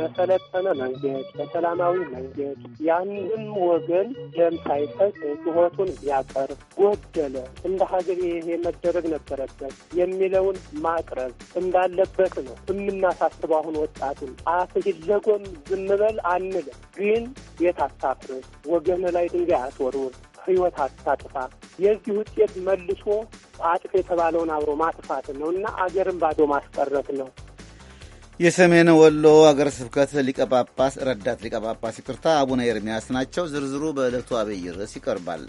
በሰለጠነ መንገድ በሰላማዊ መንገድ ያንን ወገን ደም ሳይፈስ ጩኸቱን ያቀርብ ጎደለ፣ እንደ ሀገር ይሄ መደረግ ነበረበት የሚለውን ማቅረብ እንዳለበት ነው የምናሳስበው። አሁን ወጣቱን አፍህ ይለጎም ዝም በል አንልም፣ ግን ቤት አታፍርስ፣ ወገን ላይ ድንጋይ አትወርውር፣ ህይወት አታጥፋ። የዚህ ውጤት መልሶ አጥፍ የተባለውን አብሮ ማጥፋት ነው እና አገርን ባዶ ማስቀረት ነው። የሰሜን ወሎ አገረ ስብከት ሊቀጳጳስ ረዳት ሊቀጳጳስ ይቅርታ አቡነ ኤርሚያስ ናቸው። ዝርዝሩ በዕለቱ አብይ ርዕስ ይቀርባል።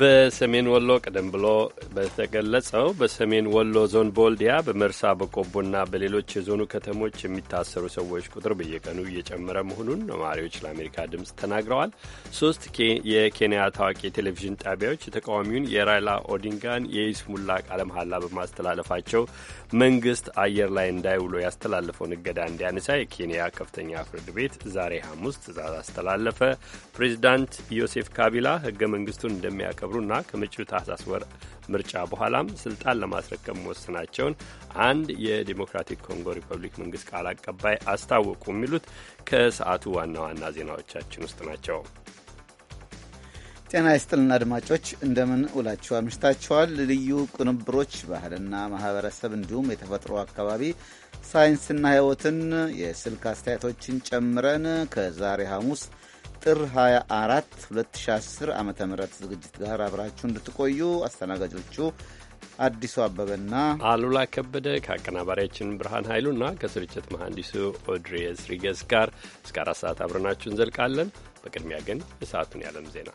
በሰሜን ወሎ ቀደም ብሎ በተገለጸው በሰሜን ወሎ ዞን በወልዲያ በመርሳ በቆቦና በሌሎች የዞኑ ከተሞች የሚታሰሩ ሰዎች ቁጥር በየቀኑ እየጨመረ መሆኑን ነዋሪዎች ለአሜሪካ ድምፅ ተናግረዋል። ሶስት የኬንያ ታዋቂ የቴሌቪዥን ጣቢያዎች የተቃዋሚውን የራይላ ኦዲንጋን የይስሙላ ቃለ መሐላ በማስተላለፋቸው መንግስት አየር ላይ እንዳይውሎ ያስተላለፈውን እገዳ እንዲያነሳ የኬንያ ከፍተኛ ፍርድ ቤት ዛሬ ሐሙስ ትዕዛዝ አስተላለፈ። ፕሬዚዳንት ዮሴፍ ካቢላ ህገ መንግስቱን እንደሚያ ማስከብሩና ከመጪው ታህሳስ ወር ምርጫ በኋላም ስልጣን ለማስረከብ መወሰናቸውን አንድ የዲሞክራቲክ ኮንጎ ሪፐብሊክ መንግስት ቃል አቀባይ አስታወቁ። የሚሉት ከሰዓቱ ዋና ዋና ዜናዎቻችን ውስጥ ናቸው። ጤና ይስጥልና አድማጮች፣ እንደምን ውላችሁ አምሽታችኋል። ልዩ ቅንብሮች ባህልና ማህበረሰብ እንዲሁም የተፈጥሮ አካባቢ ሳይንስና ሕይወትን የስልክ አስተያየቶችን ጨምረን ከዛሬ ሐሙስ ጥር 24 2010 ዓ ም ዝግጅት ጋር አብራችሁ እንድትቆዩ አስተናጋጆቹ አዲሱ አበበና አሉላ ከበደ ከአቀናባሪያችን ብርሃን ኃይሉና ከስርጭት መሐንዲሱ ኦድሬስ ሪገስ ጋር እስከ አራት ሰዓት አብረናችሁ እንዘልቃለን። በቅድሚያ ግን የሰዓቱን ያለም ዜና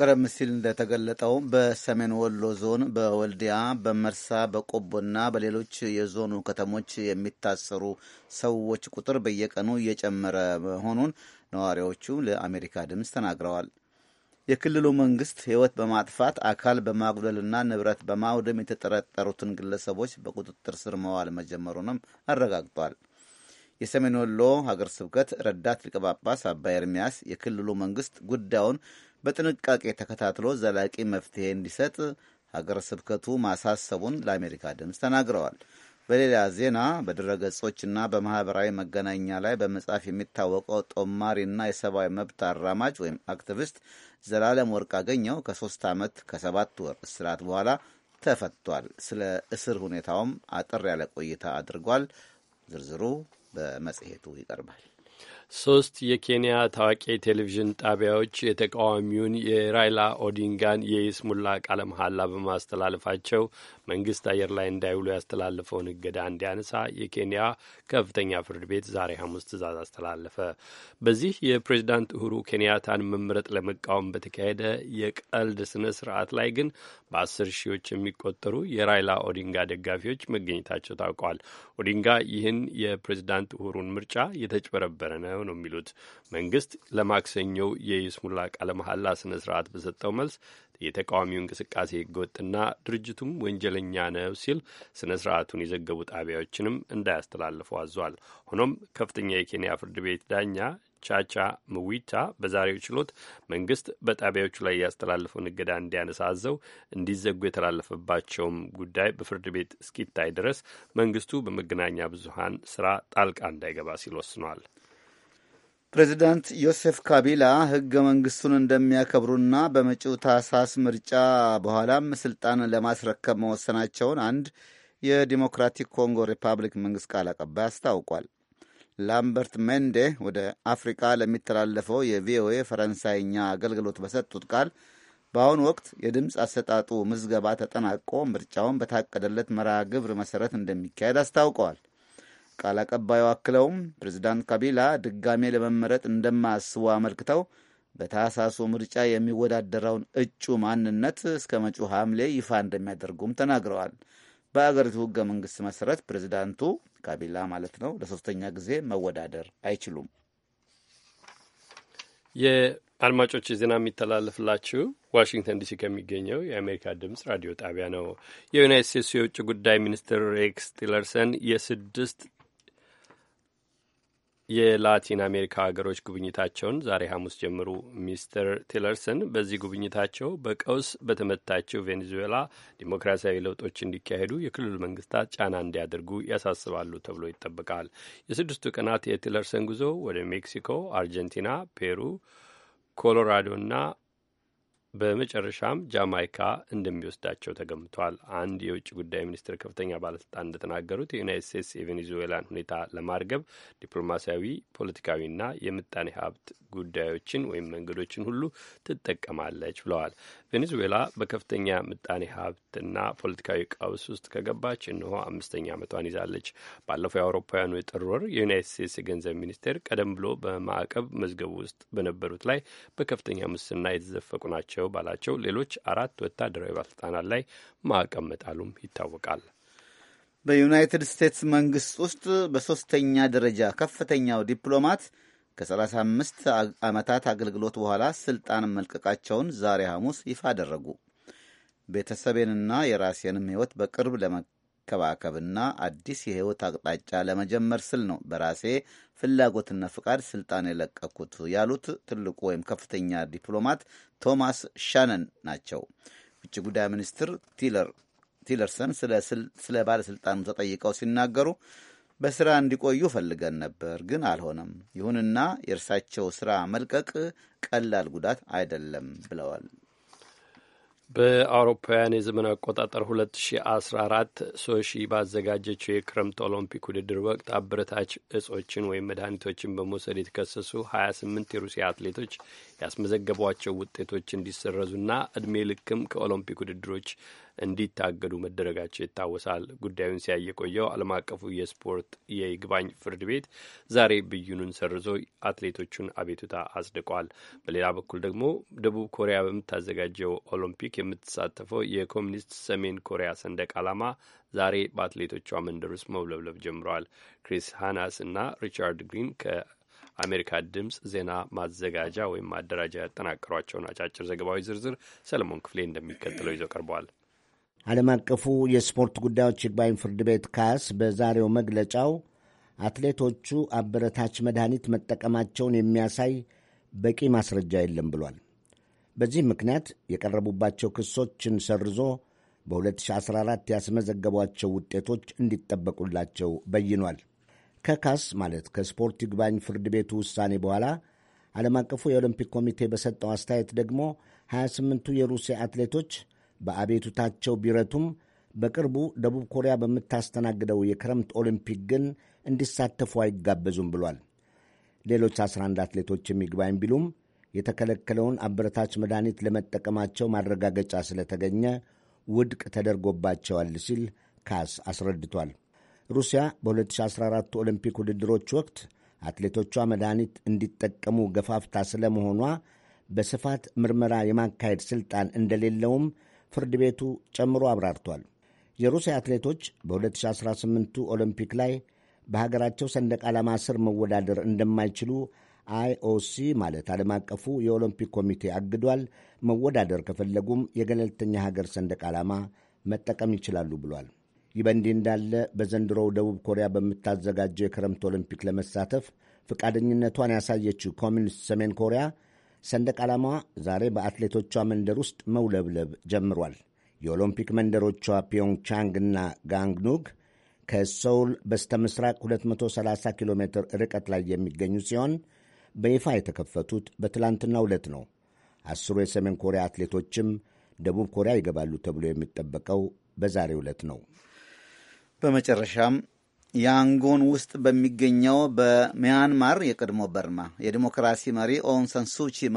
ቀደም ሲል እንደተገለጠው በሰሜን ወሎ ዞን በወልዲያ በመርሳ በቆቦና በሌሎች የዞኑ ከተሞች የሚታሰሩ ሰዎች ቁጥር በየቀኑ እየጨመረ መሆኑን ነዋሪዎቹ ለአሜሪካ ድምፅ ተናግረዋል። የክልሉ መንግስት ሕይወት በማጥፋት አካል በማጉደልና ንብረት በማውደም የተጠረጠሩትን ግለሰቦች በቁጥጥር ስር መዋል መጀመሩንም አረጋግጧል። የሰሜን ወሎ ሀገር ስብከት ረዳት ሊቀ ጳጳስ አባ ኤርሚያስ የክልሉ መንግስት ጉዳዩን በጥንቃቄ ተከታትሎ ዘላቂ መፍትሄ እንዲሰጥ ሀገረ ስብከቱ ማሳሰቡን ለአሜሪካ ድምፅ ተናግረዋል። በሌላ ዜና ገጾችና በማህበራዊ መገናኛ ላይ በመጻፍ የሚታወቀው ጦማሪና የሰብአዊ መብት አራማጅ ወይም አክቲቪስት ዘላለም ወርቅ አገኘው ከሶስት ዓመት ከሰባት ወር እስራት በኋላ ተፈቷል። ስለ እስር ሁኔታውም አጠር ያለ ቆይታ አድርጓል። ዝርዝሩ በመጽሔቱ ይቀርባል። ሶስት የኬንያ ታዋቂ ቴሌቪዥን ጣቢያዎች የተቃዋሚውን የራይላ ኦዲንጋን የይስሙላ ቃለ መሐላ በማስተላለፋቸው መንግስት አየር ላይ እንዳይውሉ ያስተላለፈውን እገዳ እንዲያነሳ የኬንያ ከፍተኛ ፍርድ ቤት ዛሬ ሐሙስ ትእዛዝ አስተላለፈ። በዚህ የፕሬዚዳንት እሁሩ ኬንያታን መምረጥ ለመቃወም በተካሄደ የቀልድ ስነ ስርዓት ላይ ግን በአስር ሺዎች የሚቆጠሩ የራይላ ኦዲንጋ ደጋፊዎች መገኘታቸው ታውቋል። ኦዲንጋ ይህን የፕሬዚዳንት እሁሩን ምርጫ የተጭበረበረ ነው ነው የሚሉት መንግስት ለማክሰኞው የይስሙላ ቃለ መሐላ ስነ ስርዓት በሰጠው መልስ የተቃዋሚው እንቅስቃሴ ህገወጥና ድርጅቱም ወንጀለኛ ነው ሲል ስነ ስርዓቱን የዘገቡ ጣቢያዎችንም እንዳያስተላልፉ አዟል። ሆኖም ከፍተኛ የኬንያ ፍርድ ቤት ዳኛ ቻቻ ምዊቻ በዛሬው ችሎት መንግስት በጣቢያዎቹ ላይ ያስተላለፈውን እገዳ እንዲያነሳ አዘው እንዲዘጉ የተላለፈባቸውም ጉዳይ በፍርድ ቤት እስኪታይ ድረስ መንግስቱ በመገናኛ ብዙሀን ስራ ጣልቃ እንዳይገባ ሲል ወስኗል። ፕሬዚዳንት ዮሴፍ ካቢላ ህገ መንግስቱን እንደሚያከብሩና በመጪው ታህሳስ ምርጫ በኋላም ስልጣን ለማስረከብ መወሰናቸውን አንድ የዲሞክራቲክ ኮንጎ ሪፐብሊክ መንግስት ቃል አቀባይ አስታውቋል። ላምበርት መንዴ ወደ አፍሪቃ ለሚተላለፈው የቪኦኤ ፈረንሳይኛ አገልግሎት በሰጡት ቃል በአሁኑ ወቅት የድምፅ አሰጣጡ ምዝገባ ተጠናቆ ምርጫውን በታቀደለት መርሃ ግብር መሰረት እንደሚካሄድ አስታውቀዋል። ቃል አቀባዩ አክለውም ፕሬዚዳንት ካቢላ ድጋሜ ለመመረጥ እንደማያስቡ አመልክተው በታህሳሱ ምርጫ የሚወዳደረውን እጩ ማንነት እስከ መጪው ሐምሌ ይፋ እንደሚያደርጉም ተናግረዋል። በአገሪቱ ህገ መንግስት መሰረት ፕሬዚዳንቱ ካቢላ ማለት ነው ለሶስተኛ ጊዜ መወዳደር አይችሉም። የአድማጮች ዜና የሚተላለፍላችሁ ዋሽንግተን ዲሲ ከሚገኘው የአሜሪካ ድምጽ ራዲዮ ጣቢያ ነው። የዩናይት ስቴትስ የውጭ ጉዳይ ሚኒስትር ሬክስ ቲለርሰን የስድስት የላቲን አሜሪካ ሀገሮች ጉብኝታቸውን ዛሬ ሐሙስ ጀምሩ። ሚስተር ቲለርሰን በዚህ ጉብኝታቸው በቀውስ በተመታቸው ቬኔዙዌላ ዲሞክራሲያዊ ለውጦች እንዲካሄዱ የክልሉ መንግስታት ጫና እንዲያደርጉ ያሳስባሉ ተብሎ ይጠበቃል። የስድስቱ ቀናት የቲለርሰን ጉዞ ወደ ሜክሲኮ፣ አርጀንቲና፣ ፔሩ፣ ኮሎራዶና በመጨረሻም ጃማይካ እንደሚወስዳቸው ተገምቷል። አንድ የውጭ ጉዳይ ሚኒስትር ከፍተኛ ባለስልጣን እንደተናገሩት የዩናይት ስቴትስ የቬኔዙዌላን ሁኔታ ለማርገብ ዲፕሎማሲያዊ፣ ፖለቲካዊና የምጣኔ ሀብት ጉዳዮችን ወይም መንገዶችን ሁሉ ትጠቀማለች ብለዋል። ቬኔዙዌላ በከፍተኛ ምጣኔ ሀብትና ፖለቲካዊ ቀውስ ውስጥ ከገባች እነሆ አምስተኛ ዓመቷን ይዛለች። ባለፈው የአውሮፓውያኑ የጥር ወር የዩናይት ስቴትስ የገንዘብ ሚኒስቴር ቀደም ብሎ በማዕቀብ መዝገቡ ውስጥ በነበሩት ላይ በከፍተኛ ሙስና የተዘፈቁ ናቸው ናቸው ባላቸው ሌሎች አራት ወታደራዊ ባለስልጣናት ላይ ማዕቀብ መጣሉም ይታወቃል። በዩናይትድ ስቴትስ መንግስት ውስጥ በሶስተኛ ደረጃ ከፍተኛው ዲፕሎማት ከ35 ዓመታት አገልግሎት በኋላ ስልጣን መልቀቃቸውን ዛሬ ሐሙስ ይፋ አደረጉ። ቤተሰቤንና የራሴንም ሕይወት በቅርብ መከባከብና አዲስ የህይወት አቅጣጫ ለመጀመር ስል ነው በራሴ ፍላጎትና ፍቃድ ስልጣን የለቀኩት ያሉት ትልቁ ወይም ከፍተኛ ዲፕሎማት ቶማስ ሻነን ናቸው። ውጭ ጉዳይ ሚኒስትር ቲለርሰን ስለ ባለሥልጣኑ ተጠይቀው ሲናገሩ በስራ እንዲቆዩ ፈልገን ነበር፣ ግን አልሆነም። ይሁንና የእርሳቸው ስራ መልቀቅ ቀላል ጉዳት አይደለም ብለዋል። በአውሮፓውያን የዘመን አቆጣጠር 2014 ሶሺ ባዘጋጀችው የክረምት ኦሎምፒክ ውድድር ወቅት አበረታች እጾችን ወይም መድኃኒቶችን በመውሰድ የተከሰሱ 28 የሩሲያ አትሌቶች ያስመዘገቧቸው ውጤቶች እንዲሰረዙና እድሜ ልክም ከኦሎምፒክ ውድድሮች እንዲታገዱ መደረጋቸው ይታወሳል። ጉዳዩን ሲያይ የቆየው ዓለም አቀፉ የስፖርት የይግባኝ ፍርድ ቤት ዛሬ ብይኑን ሰርዞ አትሌቶቹን አቤቱታ አጽድቋል። በሌላ በኩል ደግሞ ደቡብ ኮሪያ በምታዘጋጀው ኦሎምፒክ የምትሳተፈው የኮሚኒስት ሰሜን ኮሪያ ሰንደቅ ዓላማ ዛሬ በአትሌቶቿ መንደር ውስጥ መውለብለብ ጀምረዋል። ክሪስ ሃናስ እና ሪቻርድ ግሪን ከአሜሪካ ድምፅ ዜና ማዘጋጃ ወይም ማደራጃ ያጠናቀሯቸውን አጫጭር ዘገባዊ ዝርዝር ሰለሞን ክፍሌ እንደሚከተለው ይዘው ቀርበዋል። ዓለም አቀፉ የስፖርት ጉዳዮች ይግባኝ ፍርድ ቤት ካስ በዛሬው መግለጫው አትሌቶቹ አበረታች መድኃኒት መጠቀማቸውን የሚያሳይ በቂ ማስረጃ የለም ብሏል። በዚህ ምክንያት የቀረቡባቸው ክሶችን ሰርዞ በ2014 ያስመዘገቧቸው ውጤቶች እንዲጠበቁላቸው በይኗል። ከካስ ማለት ከስፖርት ይግባኝ ፍርድ ቤቱ ውሳኔ በኋላ ዓለም አቀፉ የኦሎምፒክ ኮሚቴ በሰጠው አስተያየት ደግሞ 28ቱ የሩሲያ አትሌቶች በአቤቱታቸው ቢረቱም በቅርቡ ደቡብ ኮሪያ በምታስተናግደው የክረምት ኦሊምፒክ ግን እንዲሳተፉ አይጋበዙም ብሏል። ሌሎች 11 አትሌቶች የሚግባኝ ቢሉም የተከለከለውን አበረታች መድኃኒት ለመጠቀማቸው ማረጋገጫ ስለተገኘ ውድቅ ተደርጎባቸዋል ሲል ካስ አስረድቷል። ሩሲያ በ2014 ኦሊምፒክ ውድድሮች ወቅት አትሌቶቿ መድኃኒት እንዲጠቀሙ ገፋፍታ ስለመሆኗ በስፋት ምርመራ የማካሄድ ሥልጣን እንደሌለውም ፍርድ ቤቱ ጨምሮ አብራርቷል። የሩሲያ አትሌቶች በ2018ቱ ኦሎምፒክ ላይ በሀገራቸው ሰንደቅ ዓላማ ስር መወዳደር እንደማይችሉ አይኦሲ ማለት ዓለም አቀፉ የኦሎምፒክ ኮሚቴ አግዷል። መወዳደር ከፈለጉም የገለልተኛ ሀገር ሰንደቅ ዓላማ መጠቀም ይችላሉ ብሏል። ይህ በእንዲህ እንዳለ በዘንድሮው ደቡብ ኮሪያ በምታዘጋጀው የክረምት ኦሎምፒክ ለመሳተፍ ፈቃደኝነቷን ያሳየችው ኮሚኒስት ሰሜን ኮሪያ ሰንደቅ ዓላማዋ ዛሬ በአትሌቶቿ መንደር ውስጥ መውለብለብ ጀምሯል። የኦሎምፒክ መንደሮቿ ፒዮንግቻንግ እና ጋንግኑግ ከሰውል በስተ ምስራቅ 230 ኪሎ ሜትር ርቀት ላይ የሚገኙ ሲሆን በይፋ የተከፈቱት በትላንትና ዕለት ነው። አስሩ የሰሜን ኮሪያ አትሌቶችም ደቡብ ኮሪያ ይገባሉ ተብሎ የሚጠበቀው በዛሬ ዕለት ነው። በመጨረሻም ያንጎን ውስጥ በሚገኘው በሚያንማር የቀድሞ በርማ የዲሞክራሲ መሪ ኦንግ ሳን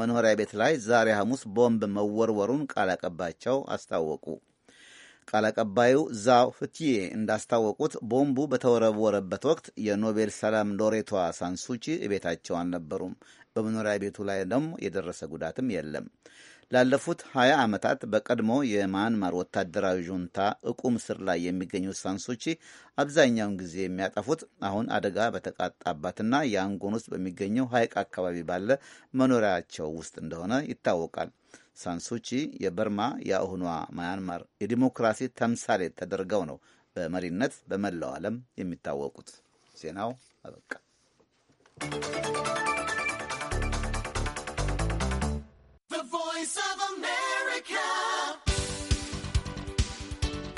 መኖሪያ ቤት ላይ ዛሬ ሐሙስ ቦምብ መወርወሩን ቃል አቀባቸው አስታወቁ። ቃል አቀባዩ ዛው ፍትዬ እንዳስታወቁት ቦምቡ በተወረወረበት ወቅት የኖቤል ሰላም ሎሬቷ ሳንሱቺ ቤታቸው አልነበሩም። በመኖሪያ ቤቱ ላይ ደግሞ የደረሰ ጉዳትም የለም። ላለፉት 20 ዓመታት በቀድሞ የማንማር ወታደራዊ ጁንታ እቁም ስር ላይ የሚገኙት ሳንሶቺ አብዛኛውን ጊዜ የሚያጠፉት አሁን አደጋ በተቃጣባትና የአንጎን ውስጥ በሚገኘው ሐይቅ አካባቢ ባለ መኖሪያቸው ውስጥ እንደሆነ ይታወቃል። ሳንሶቺ የበርማ የአሁኗ ማያንማር የዲሞክራሲ ተምሳሌት ተደርገው ነው በመሪነት በመላው ዓለም የሚታወቁት። ዜናው አበቃ።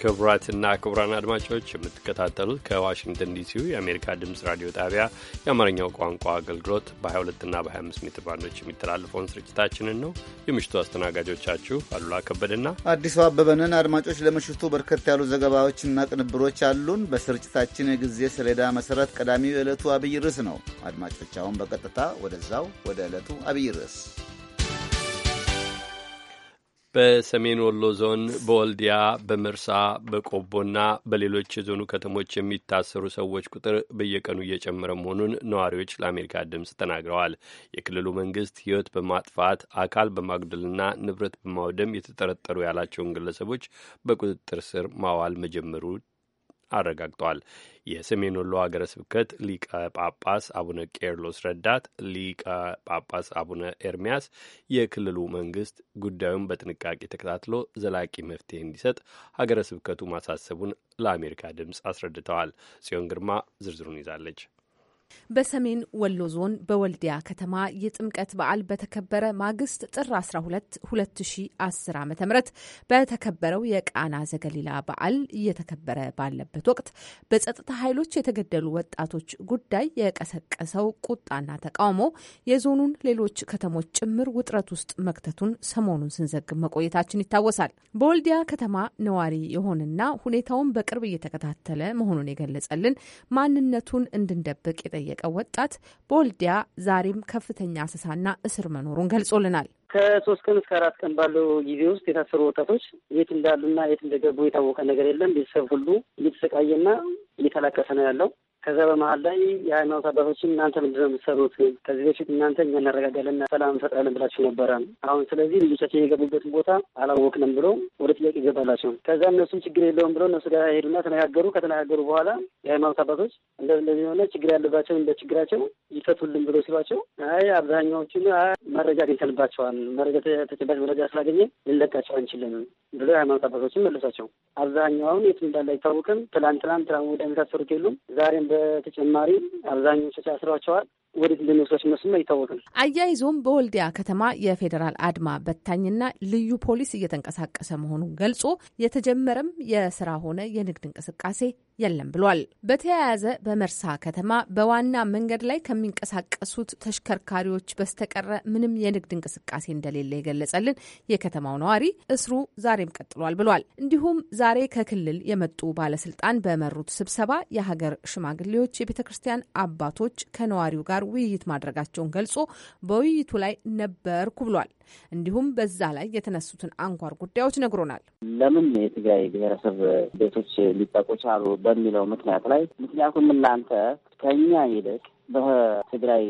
ክቡራትና ክቡራን አድማጮች የምትከታተሉት ከዋሽንግተን ዲሲው የአሜሪካ ድምፅ ራዲዮ ጣቢያ የአማርኛው ቋንቋ አገልግሎት በ22ና በ25 ሜትር ባንዶች የሚተላለፈውን ስርጭታችንን ነው። የምሽቱ አስተናጋጆቻችሁ አሉላ ከበደና አዲሱ አበበንን። አድማጮች ለምሽቱ በርከት ያሉ ዘገባዎችና ቅንብሮች አሉን። በስርጭታችን የጊዜ ሰሌዳ መሰረት ቀዳሚው የዕለቱ አብይ ርዕስ ነው። አድማጮች አሁን በቀጥታ ወደዛው ወደ ዕለቱ አብይ ርዕስ በሰሜን ወሎ ዞን በወልዲያ በመርሳ በቆቦና በሌሎች የዞኑ ከተሞች የሚታሰሩ ሰዎች ቁጥር በየቀኑ እየጨመረ መሆኑን ነዋሪዎች ለአሜሪካ ድምፅ ተናግረዋል። የክልሉ መንግስት ሕይወት በማጥፋት አካል በማጉደልና ንብረት በማውደም የተጠረጠሩ ያላቸውን ግለሰቦች በቁጥጥር ስር ማዋል መጀመሩ አረጋግጠዋል። የሰሜን ወሎ ሀገረ ስብከት ሊቀ ጳጳስ አቡነ ቄርሎስ ረዳት፣ ሊቀ ጳጳስ አቡነ ኤርሚያስ የክልሉ መንግስት ጉዳዩን በጥንቃቄ ተከታትሎ ዘላቂ መፍትሄ እንዲሰጥ ሀገረ ስብከቱ ማሳሰቡን ለአሜሪካ ድምፅ አስረድተዋል። ጽዮን ግርማ ዝርዝሩን ይዛለች። በሰሜን ወሎ ዞን በወልዲያ ከተማ የጥምቀት በዓል በተከበረ ማግስት ጥር 12 2010 ዓ ም በተከበረው የቃና ዘገሊላ በዓል እየተከበረ ባለበት ወቅት በጸጥታ ኃይሎች የተገደሉ ወጣቶች ጉዳይ የቀሰቀሰው ቁጣና ተቃውሞ የዞኑን ሌሎች ከተሞች ጭምር ውጥረት ውስጥ መክተቱን ሰሞኑን ስንዘግብ መቆየታችን ይታወሳል። በወልዲያ ከተማ ነዋሪ የሆነና ሁኔታውን በቅርብ እየተከታተለ መሆኑን የገለጸልን ማንነቱን እንድንደብቅ የጠ የጠየቀው ወጣት በወልዲያ ዛሬም ከፍተኛ አሰሳና እስር መኖሩን ገልጾልናል። ከሶስት ቀን እስከ አራት ቀን ባለው ጊዜ ውስጥ የታሰሩ ወጣቶች የት እንዳሉና የት እንደገቡ የታወቀ ነገር የለም። ቤተሰብ ሁሉ እየተሰቃየና እየተላቀሰ ነው ያለው። ከዛ በመሀል ላይ የሃይማኖት አባቶችን እናንተ ምንድን ነው የምትሰሩት? ከዚህ በፊት እናንተ እኛ እናረጋጋለን ሰላም እንፈጥራለን ብላችሁ ነበረ። አሁን ስለዚህ ልጆቻችን የገቡበትን ቦታ አላወቅንም ብሎ ወደ ጥያቄ ይገባላቸው። ከዛ እነሱም ችግር የለውም ብሎ እነሱ ጋር ሄዱና ተነጋገሩ። ከተነጋገሩ በኋላ የሃይማኖት አባቶች እንደዚህ የሆነ ችግር ያለባቸው እንደ ችግራቸው ይፈቱልን ብሎ ሲሏቸው፣ አይ አብዛኛዎቹ መረጃ አግኝተንባቸዋል፣ መረጃ ተጨባጭ መረጃ ስላገኘ ልንለቃቸው አንችልም ብሎ የሃይማኖት አባቶችን መለሷቸው። አብዛኛውን የት እንዳለ አይታወቅም። ትላንትናም ትላንት ወደ የመሳሰሩት የሉም ዛሬም በተጨማሪ አብዛኞቹ ታስረዋል። ወዴት እንደሚወስዳቸው መስማ ይታወቃል። አያይዞም በወልዲያ ከተማ የፌዴራል አድማ በታኝና ልዩ ፖሊስ እየተንቀሳቀሰ መሆኑን ገልጾ የተጀመረም የስራ ሆነ የንግድ እንቅስቃሴ የለም ብሏል። በተያያዘ በመርሳ ከተማ በዋና መንገድ ላይ ከሚንቀሳቀሱት ተሽከርካሪዎች በስተቀረ ምንም የንግድ እንቅስቃሴ እንደሌለ የገለጸልን የከተማው ነዋሪ እስሩ ዛሬም ቀጥሏል ብሏል። እንዲሁም ዛሬ ከክልል የመጡ ባለስልጣን በመሩት ስብሰባ የሀገር ሽማግሌዎች፣ የቤተ ክርስቲያን አባቶች ከነዋሪው ጋር ውይይት ማድረጋቸውን ገልጾ በውይይቱ ላይ ነበርኩ ብሏል። እንዲሁም በዛ ላይ የተነሱትን አንኳር ጉዳዮች ነግሮናል። ለምን የትግራይ ብሔረሰብ ቤቶች ሊጠቁ ቻሉ በሚለው ምክንያት ላይ ምክንያቱም እናንተ ከኛ ይልቅ በትግራይ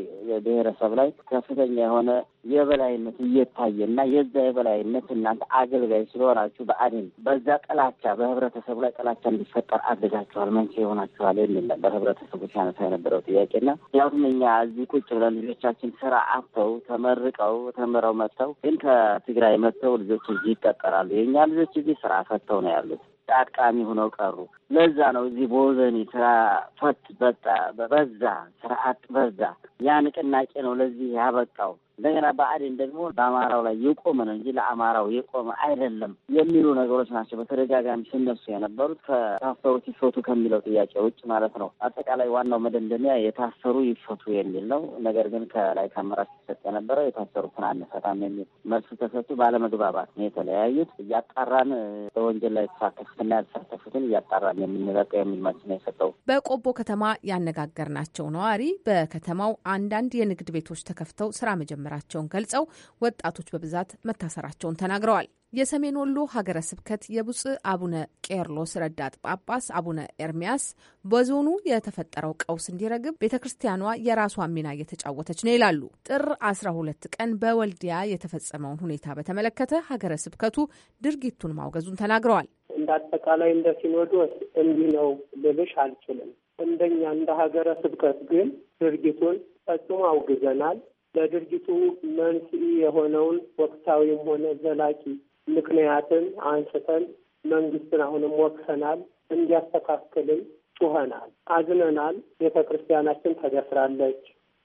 ብሔረሰብ ላይ ከፍተኛ የሆነ የበላይነት እየታየ እና የዛ የበላይነት እናንተ አገልጋይ ስለሆናችሁ በአዴን በዛ ጥላቻ በህብረተሰቡ ላይ ጥላቻ እንዲፈጠር አድርጋችኋል፣ መንስኤ ሆናችኋል የሚል ነበር ህብረተሰቡ ሲያነሳ የነበረው ጥያቄ እና ምክንያቱም እኛ እዚህ ቁጭ ብለን ልጆቻችን ስራ አጥተው ተመርቀው ተምረው መጥተው ግን ከትግራይ መጥተው ልጆች እዚህ ይቀጠራሉ። የእኛ ልጆች እዚህ ስራ ፈጥተው ነው ያሉት። ተጠቃሚ ሆነው ቀሩ። ለዛ ነው እዚህ በወዘኒ ስራ ፈት በጣ በዛ አጥ በዛ ያ ንቅናቄ ነው ለዚህ ያበቃው። እንደገና በአዴን ደግሞ በአማራው ላይ የቆመ ነው እንጂ ለአማራው የቆመ አይደለም የሚሉ ነገሮች ናቸው በተደጋጋሚ ሲነሱ የነበሩት ከታሰሩት ይፈቱ ከሚለው ጥያቄ ውጭ ማለት ነው። አጠቃላይ ዋናው መደምደሚያ የታሰሩ ይፈቱ የሚል ነው። ነገር ግን ከላይ ከአመራር ሲሰጥ የነበረው የታሰሩትን አንፈታም የሚል መልስ ተሰጡ። ባለመግባባት ነው የተለያዩት። እያጣራን በወንጀል ላይ የተሳተፉትና ያልተሳተፉትን እያጣራን የምንረቀ የሚል መልስ ነው የሰጠው። በቆቦ ከተማ ያነጋገርናቸው ነዋሪ በከተማው አንዳንድ የንግድ ቤቶች ተከፍተው ስራ መጀመራቸውን ገልጸው ወጣቶች በብዛት መታሰራቸውን ተናግረዋል። የሰሜን ወሎ ሀገረ ስብከት የብፁዕ አቡነ ቄርሎስ ረዳት ጳጳስ አቡነ ኤርሚያስ በዞኑ የተፈጠረው ቀውስ እንዲረግብ ቤተ ክርስቲያኗ የራሷን ሚና እየተጫወተች ነው ይላሉ። ጥር 12 ቀን በወልዲያ የተፈጸመውን ሁኔታ በተመለከተ ሀገረ ስብከቱ ድርጊቱን ማውገዙን ተናግረዋል። እንደ አጠቃላይ እንደ ሲኖዶስ እንዲህ ነው ልልሽ አልችልም። እንደኛ እንደ ሀገረ ስብከት ግን ድርጊቱን ፈጽሞ አውግዘናል። ለድርጊቱ መንስኤ የሆነውን ወቅታዊም ሆነ ዘላቂ ምክንያትን አንስተን መንግስትን አሁንም ወቅሰናል፣ እንዲያስተካክልን ጩኸናል፣ አዝነናል። ቤተ ክርስቲያናችን ተደፍራለች።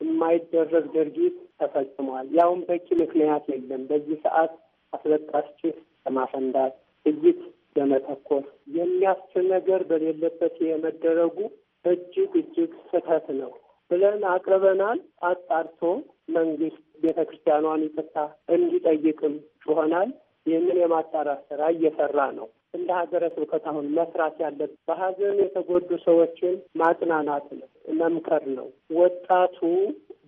የማይደረግ ድርጊት ተፈጽሟል። ያውም በቂ ምክንያት የለም። በዚህ ሰዓት አስለቃሽ ጭስ ለማፈንዳት ጥይት ለመተኮስ የሚያስችል ነገር በሌለበት የመደረጉ እጅግ እጅግ ስህተት ነው ብለን አቅርበናል። አጣርቶ መንግስት ቤተ ክርስቲያኗን ይቅርታ እንዲጠይቅም ጩኸናል። ይህንን የማጣራት ስራ እየሰራ ነው። እንደ ሀገረ ስብከት አሁን መስራት ያለብን በሀዘን የተጎዱ ሰዎችን ማጽናናት ነው፣ መምከር ነው። ወጣቱ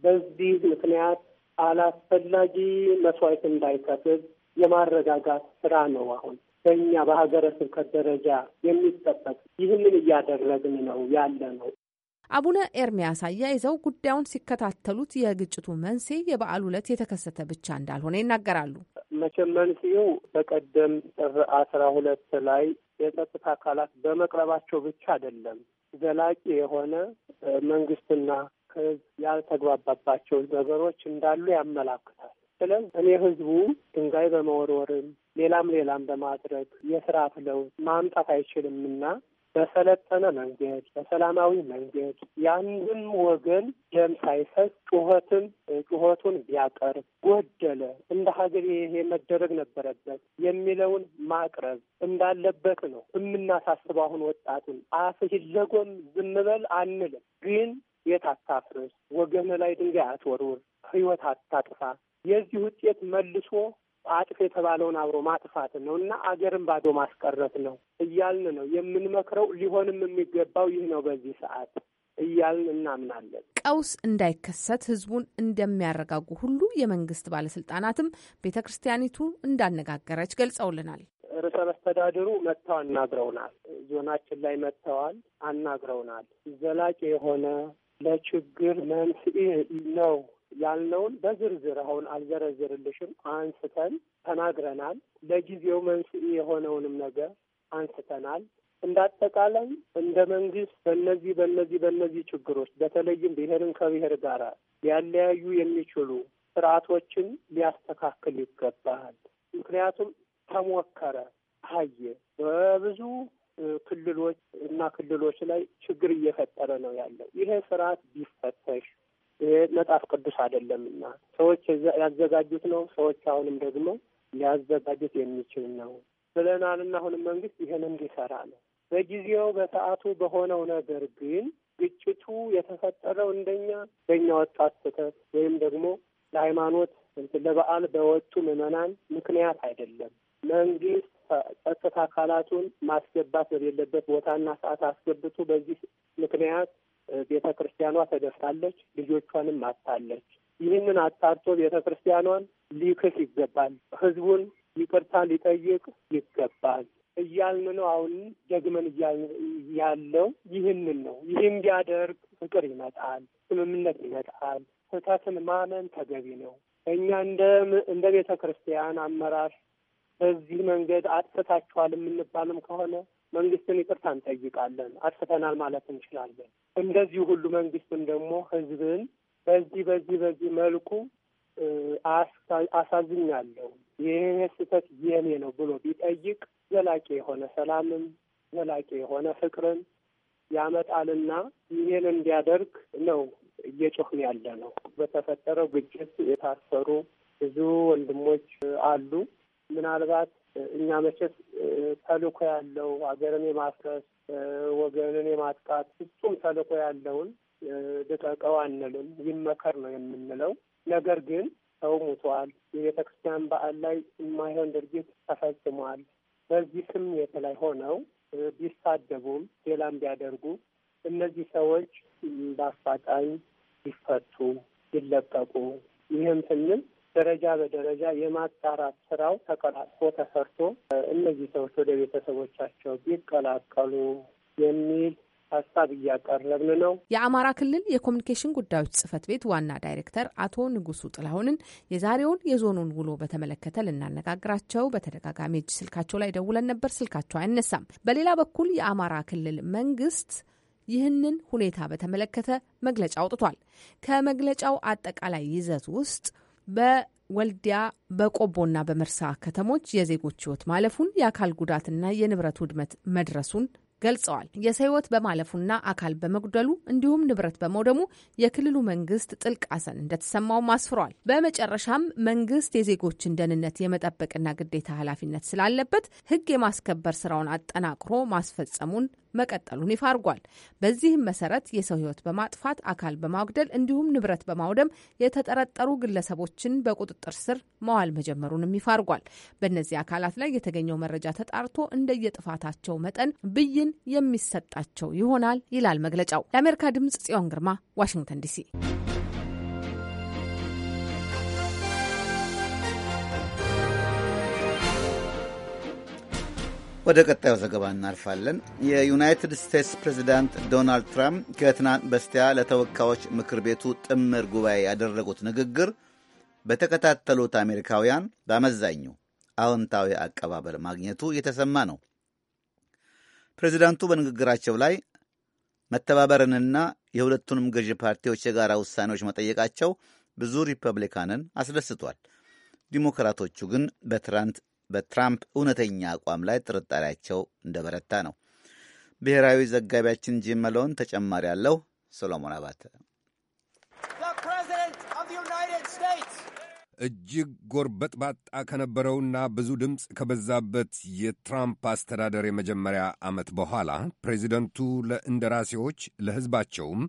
በዚህ ምክንያት አላስፈላጊ መስዋዕት እንዳይከፍል የማረጋጋት ስራ ነው አሁን በእኛ በሀገረ ስብከት ደረጃ የሚጠበቅ ይህንን እያደረግን ነው ያለ ነው። አቡነ ኤርሚያስ አያይዘው ጉዳዩን ሲከታተሉት የግጭቱ መንስኤ የበዓል ዕለት የተከሰተ ብቻ እንዳልሆነ ይናገራሉ። መቼም መንስኤው በቀደም ጥር አስራ ሁለት ላይ የጸጥታ አካላት በመቅረባቸው ብቻ አይደለም። ዘላቂ የሆነ መንግስትና ህዝብ ያልተግባባባቸው ነገሮች እንዳሉ ያመላክታል። ስለዚህ እኔ ህዝቡ ድንጋይ በመወርወርም ሌላም ሌላም በማድረግ የስርዓት ለውጥ ማምጣት አይችልምና በሰለጠነ መንገድ በሰላማዊ መንገድ የአንድም ወገን ደም ሳይፈስ ጩኸትን ጩኸቱን ቢያቀርብ ጎደለ፣ እንደ ሀገር ይሄ መደረግ ነበረበት የሚለውን ማቅረብ እንዳለበት ነው የምናሳስበው። አሁን ወጣቱን አፍህ ለጎም ዝም በል አንልም፣ ግን የት አታፍርስ፣ ወገን ላይ ድንጋይ አትወርውር፣ ህይወት አታጥፋ። የዚህ ውጤት መልሶ አጥፍ የተባለውን አብሮ ማጥፋት ነው እና አገርን ባዶ ማስቀረት ነው እያልን ነው የምንመክረው። ሊሆንም የሚገባው ይህ ነው በዚህ ሰዓት እያልን እናምናለን። ቀውስ እንዳይከሰት ህዝቡን እንደሚያረጋጉ ሁሉ የመንግስት ባለስልጣናትም ቤተ ክርስቲያኒቱ እንዳነጋገረች ገልጸውልናል። ርዕሰ መስተዳድሩ መጥተው አናግረውናል። ዞናችን ላይ መጥተዋል፣ አናግረውናል። ዘላቂ የሆነ ለችግር መንስኤ ነው ያልነውን በዝርዝር አሁን አልዘረዝርልሽም አንስተን ተናግረናል። ለጊዜው መንስኤ የሆነውንም ነገር አንስተናል። እንዳጠቃላይ እንደ መንግስት በእነዚህ በእነዚህ በእነዚህ ችግሮች በተለይም ብሔርን ከብሔር ጋር ሊያለያዩ የሚችሉ ስርዓቶችን ሊያስተካክል ይገባል። ምክንያቱም ተሞከረ ታየ በብዙ ክልሎች እና ክልሎች ላይ ችግር እየፈጠረ ነው ያለው። ይሄ ስርዓት ቢፈተሽ ይሄ መጽሐፍ ቅዱስ አይደለምና ሰዎች ያዘጋጁት ነው። ሰዎች አሁንም ደግሞ ሊያዘጋጁት የሚችል ነው ብለናልና አሁንም መንግስት ይህን እንዲሰራ ነው። በጊዜው በሰዓቱ በሆነው ነገር ግን ግጭቱ የተፈጠረው እንደኛ በእኛ ወጣት ስህተት ወይም ደግሞ ለሃይማኖት ለበዓል በወጡ ምዕመናን ምክንያት አይደለም። መንግስት ጸጥታ አካላቱን ማስገባት በሌለበት ቦታና ሰዓት አስገብቶ በዚህ ምክንያት ቤተ ክርስቲያኗ ተደፍራለች፣ ልጆቿንም አታለች ይህንን አጣርቶ ቤተ ክርስቲያኗን ሊክስ ይገባል፣ ህዝቡን ይቅርታ ሊጠይቅ ይገባል እያልን ነው። አሁን ደግመን ያለው ይህንን ነው። ይህም ቢያደርግ ፍቅር ይመጣል፣ ስምምነት ይመጣል። ስህተትን ማመን ተገቢ ነው። እኛ እንደ እንደ ቤተ ክርስቲያን አመራር በዚህ መንገድ አጥፍታችኋል የምንባልም ከሆነ መንግስትን ይቅርታ እንጠይቃለን፣ አጥፍተናል ማለት እንችላለን። እንደዚህ ሁሉ መንግስትም ደግሞ ህዝብን በዚህ በዚህ በዚህ መልኩ አሳዝኛለሁ፣ ይህ ስህተት የኔ ነው ብሎ ቢጠይቅ ዘላቂ የሆነ ሰላምን ዘላቂ የሆነ ፍቅርን ያመጣልና ይህን እንዲያደርግ ነው እየጮህን ያለ ነው። በተፈጠረው ግጭት የታሰሩ ብዙ ወንድሞች አሉ። ምናልባት እኛ መቼት ተልኮ ያለው ሀገርን የማፍረስ ወገንን የማጥቃት ፍጹም ተልኮ ያለውን ልቀቀው አንልም፣ ይመከር ነው የምንለው። ነገር ግን ሰው ሙቷል። የቤተ ክርስቲያን በዓል ላይ የማይሆን ድርጊት ተፈጽሟል። በዚህ ስሜት ላይ ሆነው ቢሳደቡም ሌላም ቢያደርጉ እነዚህ ሰዎች በአፋጣኝ ይፈቱ ይለቀቁ ይህም ስንል ደረጃ በደረጃ የማጣራት ስራው ተቀላጥፎ ተሰርቶ እነዚህ ሰዎች ወደ ቤተሰቦቻቸው ቢቀላቀሉ የሚል ሀሳብ እያቀረብን ነው። የአማራ ክልል የኮሚኒኬሽን ጉዳዮች ጽህፈት ቤት ዋና ዳይሬክተር አቶ ንጉሱ ጥላሁንን የዛሬውን የዞኑን ውሎ በተመለከተ ልናነጋግራቸው በተደጋጋሚ እጅ ስልካቸው ላይ ደውለን ነበር። ስልካቸው አይነሳም። በሌላ በኩል የአማራ ክልል መንግስት ይህንን ሁኔታ በተመለከተ መግለጫ አውጥቷል። ከመግለጫው አጠቃላይ ይዘት ውስጥ በወልዲያ በቆቦና በመርሳ ከተሞች የዜጎች ህይወት ማለፉን የአካል ጉዳትና የንብረት ውድመት መድረሱን ገልጸዋል። የሰው ሕይወት በማለፉና አካል በመጉደሉ እንዲሁም ንብረት በመውደሙ የክልሉ መንግስት ጥልቅ ሐዘን እንደተሰማው አስፍሯል። በመጨረሻም መንግስት የዜጎችን ደህንነት የመጠበቅና ግዴታ ኃላፊነት ስላለበት ህግ የማስከበር ስራውን አጠናቅሮ ማስፈጸሙን መቀጠሉን ይፋ አድርጓል። በዚህም መሰረት የሰው ህይወት በማጥፋት አካል በማጉደል እንዲሁም ንብረት በማውደም የተጠረጠሩ ግለሰቦችን በቁጥጥር ስር መዋል መጀመሩንም ይፋ አድርጓል። በእነዚህ አካላት ላይ የተገኘው መረጃ ተጣርቶ እንደየጥፋታቸው መጠን ብይን የሚሰጣቸው ይሆናል ይላል መግለጫው። ለአሜሪካ ድምጽ ጽዮን ግርማ ዋሽንግተን ዲሲ። ወደ ቀጣዩ ዘገባ እናልፋለን። የዩናይትድ ስቴትስ ፕሬዚዳንት ዶናልድ ትራምፕ ከትናንት በስቲያ ለተወካዮች ምክር ቤቱ ጥምር ጉባኤ ያደረጉት ንግግር በተከታተሉት አሜሪካውያን በአመዛኙ አዎንታዊ አቀባበል ማግኘቱ የተሰማ ነው። ፕሬዚዳንቱ በንግግራቸው ላይ መተባበርንና የሁለቱንም ገዢ ፓርቲዎች የጋራ ውሳኔዎች መጠየቃቸው ብዙ ሪፐብሊካንን አስደስቷል። ዲሞክራቶቹ ግን በትራንት በትራምፕ እውነተኛ አቋም ላይ ጥርጣሬያቸው እንደበረታ ነው። ብሔራዊ ዘጋቢያችን ጂም መለውን ተጨማሪ ያለው ሰሎሞን አባተ እጅግ ጎርበጥባጣ ከነበረውና ብዙ ድምፅ ከበዛበት የትራምፕ አስተዳደር የመጀመሪያ ዓመት በኋላ ፕሬዚደንቱ ለእንደራሴዎች ለሕዝባቸውም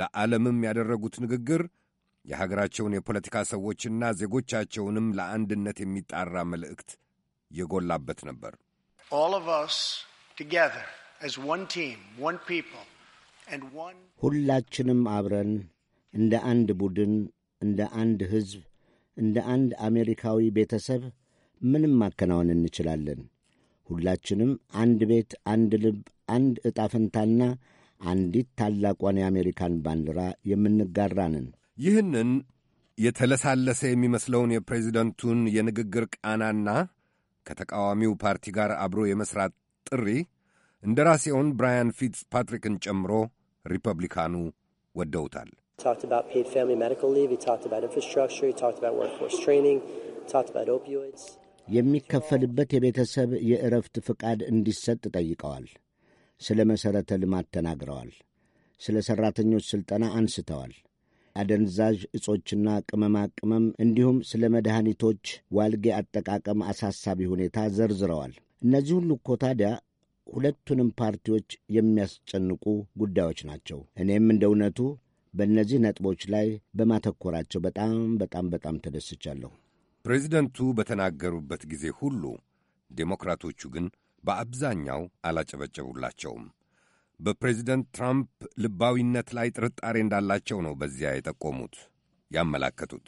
ለዓለምም ያደረጉት ንግግር የሀገራቸውን የፖለቲካ ሰዎችና ዜጎቻቸውንም ለአንድነት የሚጣራ መልእክት የጎላበት ነበር። ሁላችንም አብረን እንደ አንድ ቡድን፣ እንደ አንድ ሕዝብ፣ እንደ አንድ አሜሪካዊ ቤተሰብ ምንም ማከናወን እንችላለን። ሁላችንም አንድ ቤት፣ አንድ ልብ፣ አንድ ዕጣ ፈንታና አንዲት ታላቋን የአሜሪካን ባንዲራ የምንጋራንን ይህንን የተለሳለሰ የሚመስለውን የፕሬዚደንቱን የንግግር ቃናና ከተቃዋሚው ፓርቲ ጋር አብሮ የመሥራት ጥሪ ራሴውን ብራያን ፊትስ ፓትሪክን ጨምሮ ሪፐብሊካኑ ወደውታል። የሚከፈልበት የቤተሰብ የእረፍት ፍቃድ እንዲሰጥ ጠይቀዋል። ስለ መሠረተ ልማት ተናግረዋል። ስለ ሠራተኞች ሥልጠና አንስተዋል። አደንዛዥ እጾችና ቅመማ ቅመም እንዲሁም ስለ መድኃኒቶች ዋልጌ አጠቃቀም አሳሳቢ ሁኔታ ዘርዝረዋል። እነዚህ ሁሉ እኮ ታዲያ ሁለቱንም ፓርቲዎች የሚያስጨንቁ ጉዳዮች ናቸው። እኔም እንደ እውነቱ በእነዚህ ነጥቦች ላይ በማተኮራቸው በጣም በጣም በጣም ተደስቻለሁ። ፕሬዚደንቱ በተናገሩበት ጊዜ ሁሉ ዴሞክራቶቹ ግን በአብዛኛው አላጨበጨቡላቸውም። በፕሬዚደንት ትራምፕ ልባዊነት ላይ ጥርጣሬ እንዳላቸው ነው በዚያ የጠቆሙት ያመላከቱት።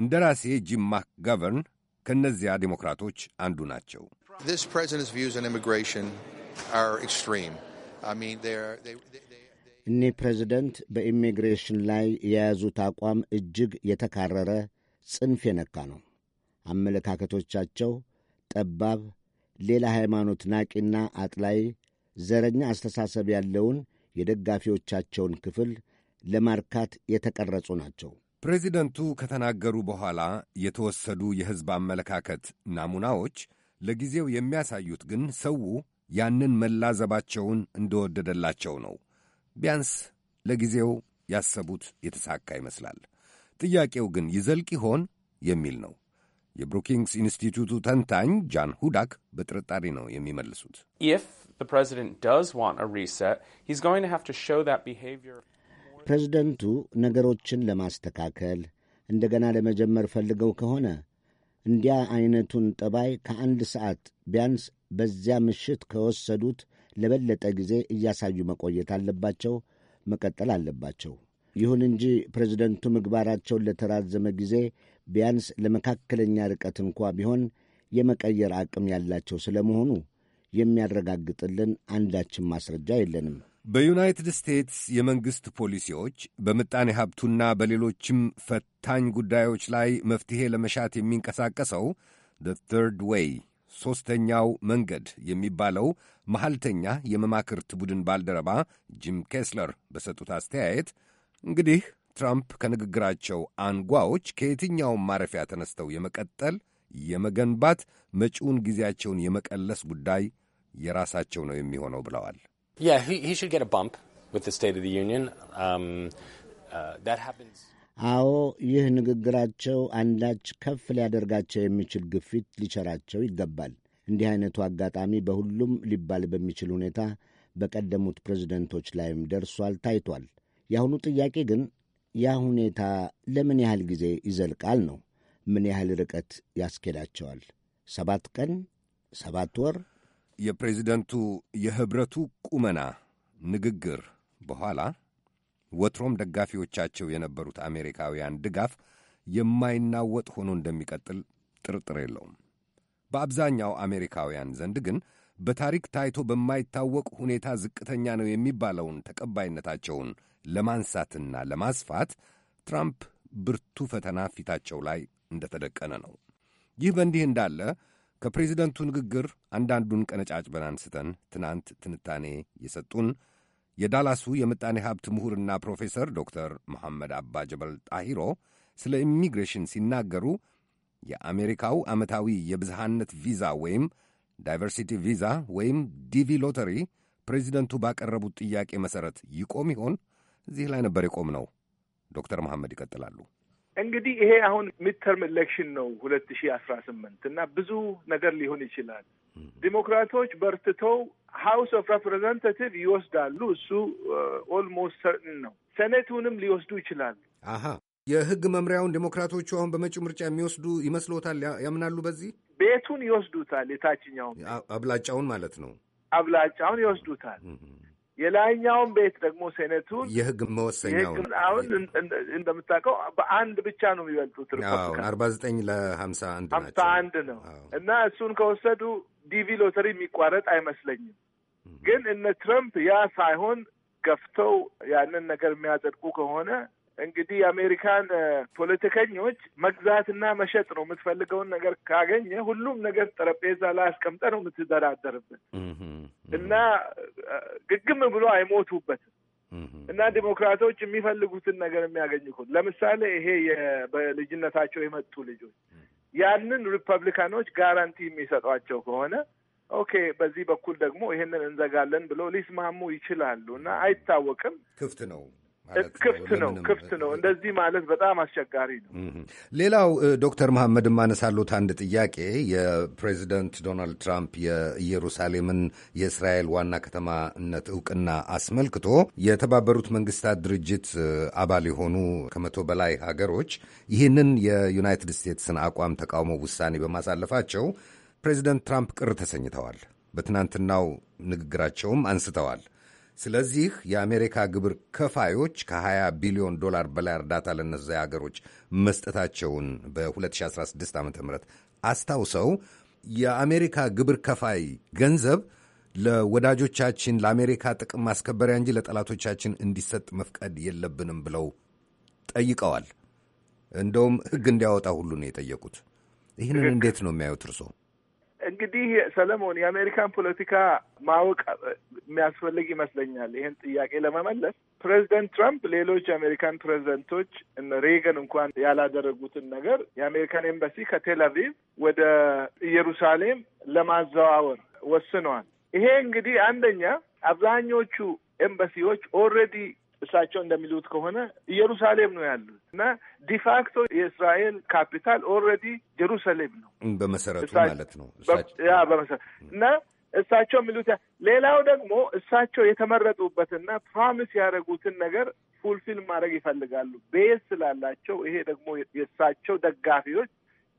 እንደራሴ ጂም ማክጋቨርን ከእነዚያ ዴሞክራቶች አንዱ ናቸው። እኒህ ፕሬዚደንት በኢሚግሬሽን ላይ የያዙት አቋም እጅግ የተካረረ ጽንፍ የነካ ነው። አመለካከቶቻቸው ጠባብ፣ ሌላ ሃይማኖት ናቂና አጥላይ ዘረኛ አስተሳሰብ ያለውን የደጋፊዎቻቸውን ክፍል ለማርካት የተቀረጹ ናቸው። ፕሬዚደንቱ ከተናገሩ በኋላ የተወሰዱ የሕዝብ አመለካከት ናሙናዎች ለጊዜው የሚያሳዩት ግን ሰው ያንን መላዘባቸውን እንደወደደላቸው ነው። ቢያንስ ለጊዜው ያሰቡት የተሳካ ይመስላል። ጥያቄው ግን ይዘልቅ ይሆን የሚል ነው። የብሩኪንግስ ኢንስቲትዩቱ ተንታኝ ጃን ሁዳክ በጥርጣሬ ነው የሚመልሱት። ፕሬዝደንቱ ነገሮችን ለማስተካከል እንደገና ለመጀመር ፈልገው ከሆነ እንዲያ አይነቱን ጠባይ ከአንድ ሰዓት ቢያንስ በዚያ ምሽት ከወሰዱት ለበለጠ ጊዜ እያሳዩ መቆየት አለባቸው፣ መቀጠል አለባቸው። ይሁን እንጂ ፕሬዝደንቱ ምግባራቸውን ለተራዘመ ጊዜ ቢያንስ ለመካከለኛ ርቀት እንኳ ቢሆን የመቀየር አቅም ያላቸው ስለመሆኑ የሚያረጋግጥልን አንዳችን ማስረጃ የለንም። በዩናይትድ ስቴትስ የመንግሥት ፖሊሲዎች በምጣኔ ሀብቱና በሌሎችም ፈታኝ ጉዳዮች ላይ መፍትሔ ለመሻት የሚንቀሳቀሰው ዘ ትርድ ዌይ ሦስተኛው መንገድ የሚባለው መሐልተኛ የመማክርት ቡድን ባልደረባ ጂም ኬስለር በሰጡት አስተያየት እንግዲህ ትራምፕ ከንግግራቸው አንጓዎች ከየትኛውም ማረፊያ ተነስተው የመቀጠል፣ የመገንባት፣ መጪውን ጊዜያቸውን የመቀለስ ጉዳይ የራሳቸው ነው የሚሆነው ብለዋል። um, uh, አዎ ይህ ንግግራቸው አንዳች ከፍ ሊያደርጋቸው የሚችል ግፊት ሊቸራቸው ይገባል። እንዲህ አይነቱ አጋጣሚ በሁሉም ሊባል በሚችል ሁኔታ በቀደሙት ፕሬዝደንቶች ላይም ደርሷል፣ ታይቷል። የአሁኑ ጥያቄ ግን ያ ሁኔታ ለምን ያህል ጊዜ ይዘልቃል ነው። ምን ያህል ርቀት ያስኬዳቸዋል? ሰባት ቀን፣ ሰባት ወር የፕሬዚደንቱ የኅብረቱ ቁመና ንግግር በኋላ ወትሮም ደጋፊዎቻቸው የነበሩት አሜሪካውያን ድጋፍ የማይናወጥ ሆኖ እንደሚቀጥል ጥርጥር የለውም። በአብዛኛው አሜሪካውያን ዘንድ ግን በታሪክ ታይቶ በማይታወቅ ሁኔታ ዝቅተኛ ነው የሚባለውን ተቀባይነታቸውን ለማንሳትና ለማስፋት ትራምፕ ብርቱ ፈተና ፊታቸው ላይ እንደተደቀነ ነው። ይህ በእንዲህ እንዳለ ከፕሬዚደንቱ ንግግር አንዳንዱን ቀነጫጭበን አንስተን ትናንት ትንታኔ የሰጡን የዳላሱ የምጣኔ ሀብት ምሁርና ፕሮፌሰር ዶክተር መሐመድ አባ ጀበል ጣሂሮ ስለ ኢሚግሬሽን ሲናገሩ የአሜሪካው ዓመታዊ የብዝሃነት ቪዛ ወይም ዳይቨርሲቲ ቪዛ ወይም ዲቪ ሎተሪ ፕሬዚደንቱ ባቀረቡት ጥያቄ መሠረት ይቆም ይሆን? እዚህ ላይ ነበር የቆም ነው። ዶክተር መሐመድ ይቀጥላሉ። እንግዲህ ይሄ አሁን ሚድተርም ኤሌክሽን ነው ሁለት ሺ አስራ ስምንት እና ብዙ ነገር ሊሆን ይችላል። ዲሞክራቶች በርትተው ሀውስ ኦፍ ሬፕሬዘንታቲቭ ይወስዳሉ። እሱ ኦልሞስት uh, ሰርጥን ነው። ሴኔቱንም ሊወስዱ ይችላሉ። አሀ የህግ መምሪያውን ዲሞክራቶቹ አሁን በመጪው ምርጫ የሚወስዱ ይመስሎታል? ያምናሉ? በዚህ ቤቱን ይወስዱታል። የታችኛውን አብላጫውን ማለት ነው። አብላጫውን ይወስዱታል። የላይኛውን ቤት ደግሞ ሴኔቱን የህግ መወሰኛውን አሁን እንደምታውቀው በአንድ ብቻ ነው የሚበልጡት ሪፐብሊካን አርባ ዘጠኝ ለሀምሳ አንድ ሀምሳ አንድ ነው እና እሱን ከወሰዱ ዲቪ ሎተሪ የሚቋረጥ አይመስለኝም። ግን እነ ትረምፕ ያ ሳይሆን ገፍተው ያንን ነገር የሚያጸድቁ ከሆነ እንግዲህ የአሜሪካን ፖለቲከኞች መግዛትና መሸጥ ነው የምትፈልገውን ነገር ካገኘ ሁሉም ነገር ጠረጴዛ ላይ አስቀምጠ ነው የምትደራደርበት እና ግግም ብሎ አይሞቱበትም እና ዲሞክራቶች የሚፈልጉትን ነገር የሚያገኙ ለምሳሌ ይሄ በልጅነታቸው የመጡ ልጆች ያንን ሪፐብሊካኖች ጋራንቲ የሚሰጧቸው ከሆነ ኦኬ፣ በዚህ በኩል ደግሞ ይሄንን እንዘጋለን ብሎ ሊስማሙ ይችላሉ እና አይታወቅም። ክፍት ነው ክፍት ነው ክፍት ነው። እንደዚህ ማለት በጣም አስቸጋሪ ነው። ሌላው ዶክተር መሐመድ ማነሳሉት አንድ ጥያቄ የፕሬዚደንት ዶናልድ ትራምፕ የኢየሩሳሌምን የእስራኤል ዋና ከተማነት እውቅና አስመልክቶ የተባበሩት መንግስታት ድርጅት አባል የሆኑ ከመቶ በላይ ሀገሮች ይህንን የዩናይትድ ስቴትስን አቋም ተቃውሞ ውሳኔ በማሳለፋቸው ፕሬዚደንት ትራምፕ ቅር ተሰኝተዋል። በትናንትናው ንግግራቸውም አንስተዋል። ስለዚህ የአሜሪካ ግብር ከፋዮች ከ20 ቢሊዮን ዶላር በላይ እርዳታ ለነዚያ ሀገሮች መስጠታቸውን በ2016 ዓ ም አስታውሰው የአሜሪካ ግብር ከፋይ ገንዘብ ለወዳጆቻችን ለአሜሪካ ጥቅም ማስከበሪያ እንጂ ለጠላቶቻችን እንዲሰጥ መፍቀድ የለብንም ብለው ጠይቀዋል። እንደውም ሕግ እንዲያወጣ ሁሉ ነው የጠየቁት። ይህንን እንዴት ነው የሚያዩት እርስዎ? እንግዲህ ሰለሞን የአሜሪካን ፖለቲካ ማወቅ የሚያስፈልግ ይመስለኛል ይህን ጥያቄ ለመመለስ። ፕሬዚደንት ትራምፕ ሌሎች የአሜሪካን ፕሬዚደንቶች እነ ሬገን እንኳን ያላደረጉትን ነገር የአሜሪካን ኤምባሲ ከቴል አቪቭ ወደ ኢየሩሳሌም ለማዘዋወር ወስነዋል። ይሄ እንግዲህ አንደኛ አብዛኞቹ ኤምባሲዎች ኦልሬዲ እሳቸው እንደሚሉት ከሆነ ኢየሩሳሌም ነው ያሉት እና ዲፋክቶ የእስራኤል ካፒታል ኦልሬዲ ጀሩሳሌም ነው በመሰረቱ ማለት ነው ያ በመሰረቱ እና እሳቸው የሚሉት ሌላው ደግሞ እሳቸው የተመረጡበትና ፕሮሚስ ያደረጉትን ነገር ፉልፊል ማድረግ ይፈልጋሉ ቤዝ ስላላቸው። ይሄ ደግሞ የእሳቸው ደጋፊዎች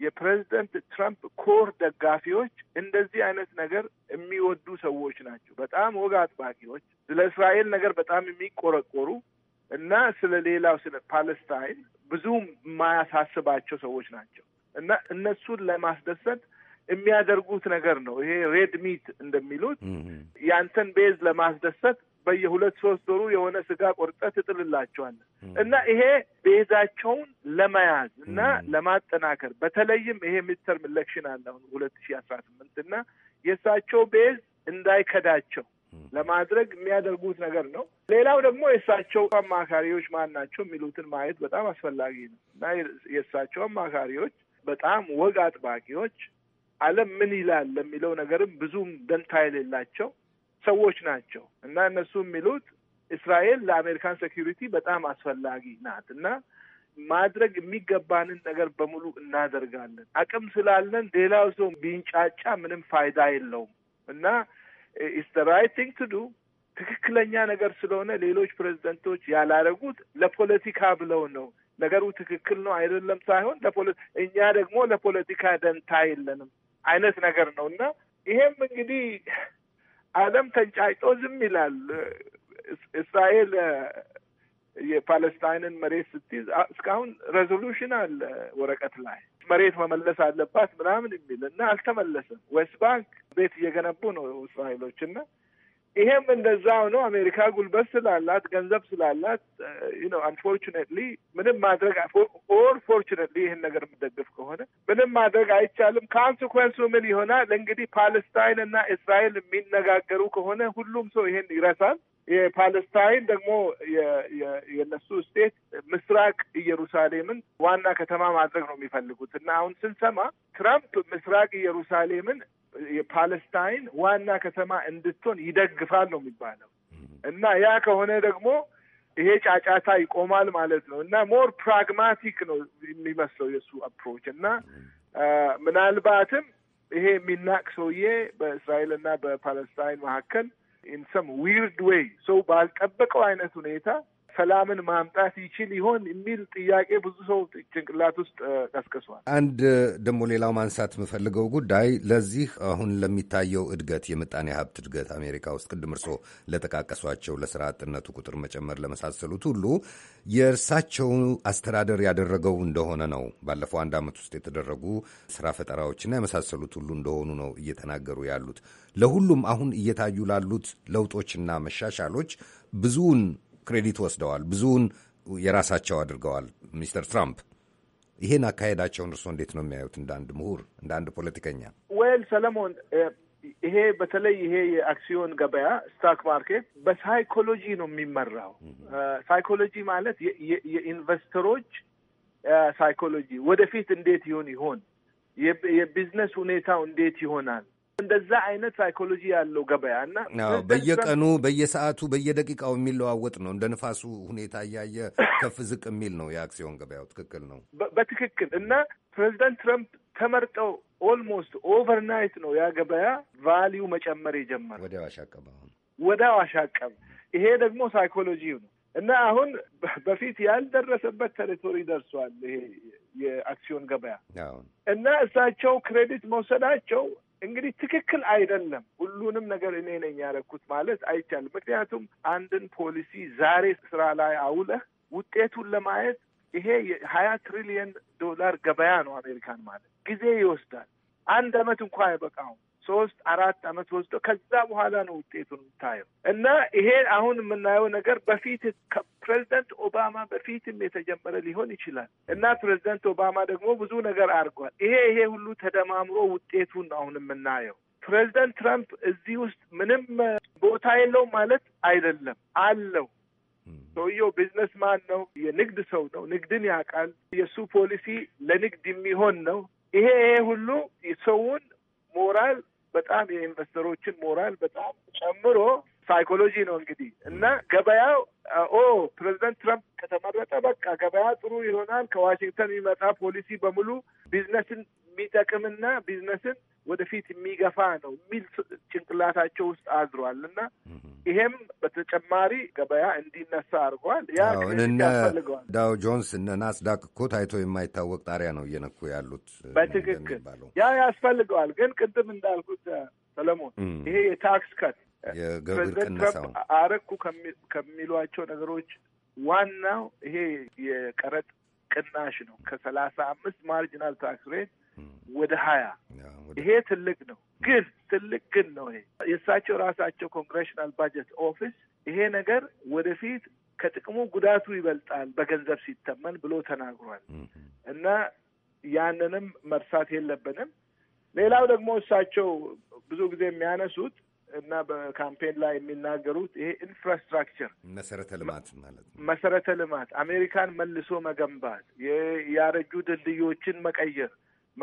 የፕሬዚደንት ትራምፕ ኮር ደጋፊዎች እንደዚህ አይነት ነገር የሚወዱ ሰዎች ናቸው። በጣም ወግ አጥባቂዎች፣ ስለ እስራኤል ነገር በጣም የሚቆረቆሩ እና ስለ ሌላው ስለ ፓለስታይን ብዙም የማያሳስባቸው ሰዎች ናቸው እና እነሱን ለማስደሰት የሚያደርጉት ነገር ነው። ይሄ ሬድ ሚት እንደሚሉት ያንተን ቤዝ ለማስደሰት በየሁለት ሶስት ወሩ የሆነ ስጋ ቆርጠት ትጥልላቸዋለህ እና ይሄ ቤዛቸውን ለመያዝ እና ለማጠናከር በተለይም ይሄ ሚድተርም ኢሌክሽን አለ አሁን ሁለት ሺ አስራ ስምንት እና የእሳቸው ቤዝ እንዳይከዳቸው ለማድረግ የሚያደርጉት ነገር ነው። ሌላው ደግሞ የእሳቸው አማካሪዎች ማን ናቸው የሚሉትን ማየት በጣም አስፈላጊ ነው እና የእሳቸው አማካሪዎች በጣም ወግ አጥባቂዎች ዓለም ምን ይላል ለሚለው ነገርም ብዙም ደንታ የሌላቸው ሰዎች ናቸው እና እነሱ የሚሉት እስራኤል ለአሜሪካን ሴኪሪቲ በጣም አስፈላጊ ናት እና ማድረግ የሚገባንን ነገር በሙሉ እናደርጋለን። አቅም ስላለን ሌላው ሰው ቢንጫጫ ምንም ፋይዳ የለውም እና ኢስ ዘ ራይት ቲንግ ቱ ዱ ትክክለኛ ነገር ስለሆነ ሌሎች ፕሬዚደንቶች ያላረጉት ለፖለቲካ ብለው ነው። ነገሩ ትክክል ነው አይደለም ሳይሆን እኛ ደግሞ ለፖለቲካ ደንታ የለንም አይነት ነገር ነው እና ይሄም እንግዲህ ዓለም ተንጫጭቶ ዝም ይላል። እስራኤል የፓለስታይንን መሬት ስትይዝ እስካሁን ሬዞሉሽን አለ ወረቀት ላይ መሬት መመለስ አለባት ምናምን የሚል እና አልተመለሰም። ዌስት ባንክ ቤት እየገነቡ ነው እስራኤሎች እና ይሄም እንደዛው ነው። አሜሪካ ጉልበት ስላላት ገንዘብ ስላላት ነው። uh, አንፎርቹኔትሊ ምንም ማድረግ ኦር ፎርቹኔትሊ ይህን ነገር የምደግፍ ከሆነ ምንም ማድረግ አይቻልም። ካንስኮንሱ ምን ይሆናል እንግዲህ ፓለስታይን እና እስራኤል የሚነጋገሩ ከሆነ ሁሉም ሰው ይሄን ይረሳል። የፓለስታይን ደግሞ የእነሱ ስቴት ምስራቅ ኢየሩሳሌምን ዋና ከተማ ማድረግ ነው የሚፈልጉት እና አሁን ስንሰማ ትራምፕ ምስራቅ ኢየሩሳሌምን የፓለስታይን ዋና ከተማ እንድትሆን ይደግፋል ነው የሚባለው እና ያ ከሆነ ደግሞ ይሄ ጫጫታ ይቆማል ማለት ነው እና ሞር ፕራግማቲክ ነው የሚመስለው የእሱ አፕሮች እና ምናልባትም ይሄ የሚናቅ ሰውዬ በእስራኤል እና በፓለስታይን መካከል ኢንሰም ዊርድ ዌይ ሰው ባልጠበቀው አይነት ሁኔታ ሰላምን ማምጣት ይችል ይሆን የሚል ጥያቄ ብዙ ሰው ጭንቅላት ውስጥ ቀስቅሷል። አንድ ደግሞ ሌላው ማንሳት የምፈልገው ጉዳይ ለዚህ አሁን ለሚታየው እድገት የምጣኔ ሀብት እድገት አሜሪካ ውስጥ ቅድም እርሶ ለጠቃቀሷቸው ለስራ አጥነቱ ቁጥር መጨመር ለመሳሰሉት ሁሉ የእርሳቸው አስተዳደር ያደረገው እንደሆነ ነው። ባለፈው አንድ ዓመት ውስጥ የተደረጉ ስራ ፈጠራዎችና የመሳሰሉት ሁሉ እንደሆኑ ነው እየተናገሩ ያሉት። ለሁሉም አሁን እየታዩ ላሉት ለውጦችና መሻሻሎች ብዙውን ክሬዲት ወስደዋል። ብዙውን የራሳቸው አድርገዋል ሚስተር ትራምፕ። ይህን አካሄዳቸውን እርስዎ እንዴት ነው የሚያዩት? እንደ አንድ ምሁር፣ እንደ አንድ ፖለቲከኛ። ወይል ሰለሞን፣ ይሄ በተለይ ይሄ የአክሲዮን ገበያ ስታክ ማርኬት በሳይኮሎጂ ነው የሚመራው። ሳይኮሎጂ ማለት የኢንቨስተሮች ሳይኮሎጂ ወደፊት እንዴት ይሆን ይሆን የቢዝነስ ሁኔታው እንዴት ይሆናል እንደዛ አይነት ሳይኮሎጂ ያለው ገበያ እና በየቀኑ በየሰዓቱ በየደቂቃው የሚለዋወጥ ነው። እንደ ንፋሱ ሁኔታ እያየ ከፍ ዝቅ የሚል ነው የአክሲዮን ገበያው። ትክክል ነው፣ በትክክል እና ፕሬዚዳንት ትራምፕ ተመርጠው ኦልሞስት ኦቨርናይት ነው ያ ገበያ ቫሊዩ መጨመር የጀመረ ወዲያው አሻቀበ፣ ወዲያው አሻቀበ። ይሄ ደግሞ ሳይኮሎጂ ነው እና አሁን በፊት ያልደረሰበት ቴሪቶሪ ደርሷል ይሄ የአክሲዮን ገበያ እና እሳቸው ክሬዲት መውሰዳቸው እንግዲህ ትክክል አይደለም። ሁሉንም ነገር እኔ ነኝ ያደረግኩት ማለት አይቻልም። ምክንያቱም አንድን ፖሊሲ ዛሬ ስራ ላይ አውለህ ውጤቱን ለማየት ይሄ የሀያ ትሪሊየን ዶላር ገበያ ነው አሜሪካን ማለት ጊዜ ይወስዳል። አንድ አመት እንኳ አይበቃውም። ሶስት አራት አመት ወስዶ ከዛ በኋላ ነው ውጤቱን የምታየው። እና ይሄ አሁን የምናየው ነገር በፊት ከፕሬዚደንት ኦባማ በፊትም የተጀመረ ሊሆን ይችላል እና ፕሬዚደንት ኦባማ ደግሞ ብዙ ነገር አድርጓል። ይሄ ይሄ ሁሉ ተደማምሮ ውጤቱን አሁን የምናየው ፕሬዚደንት ትራምፕ እዚህ ውስጥ ምንም ቦታ የለው ማለት አይደለም፣ አለው። ሰውየው ቢዝነስማን ነው፣ የንግድ ሰው ነው፣ ንግድን ያውቃል። የእሱ ፖሊሲ ለንግድ የሚሆን ነው። ይሄ ይሄ ሁሉ ሰውን ሞራል በጣም የኢንቨስተሮችን ሞራል በጣም ጨምሮ ሳይኮሎጂ ነው እንግዲህ እና ገበያው ኦ ፕሬዚደንት ትራምፕ ከተመረጠ በቃ ገበያ ጥሩ ይሆናል። ከዋሽንግተን የሚመጣ ፖሊሲ በሙሉ ቢዝነስን የሚጠቅምና ቢዝነስን ወደፊት የሚገፋ ነው የሚል ጭንቅላታቸው ውስጥ አድሯል እና ይሄም በተጨማሪ ገበያ እንዲነሳ አድርገዋል። ያ ያስፈልገዋል። ዳው ጆንስ እነ ናስዳክ እኮ ታይቶ የማይታወቅ ጣሪያ ነው እየነኩ ያሉት። በትክክል ያ ያስፈልገዋል። ግን ቅድም እንዳልኩት ሰለሞን፣ ይሄ የታክስ ከት ፕሬዚደንት ትራምፕ አረኩ ከሚሏቸው ነገሮች ዋናው ይሄ የቀረጥ ቅናሽ ነው ከሰላሳ አምስት ማርጂናል ታክስ ሬት ወደ ሀያ ይሄ ትልቅ ነው፣ ግን ትልቅ ግን ነው ይሄ የእሳቸው ራሳቸው ኮንግሬሽናል ባጀት ኦፊስ ይሄ ነገር ወደፊት ከጥቅሙ ጉዳቱ ይበልጣል በገንዘብ ሲተመን ብሎ ተናግሯል። እና ያንንም መርሳት የለብንም። ሌላው ደግሞ እሳቸው ብዙ ጊዜ የሚያነሱት እና በካምፔን ላይ የሚናገሩት ይሄ ኢንፍራስትራክቸር መሰረተ ልማት ማለት ነው። መሰረተ ልማት አሜሪካን መልሶ መገንባት፣ ያረጁ ድልድዮችን መቀየር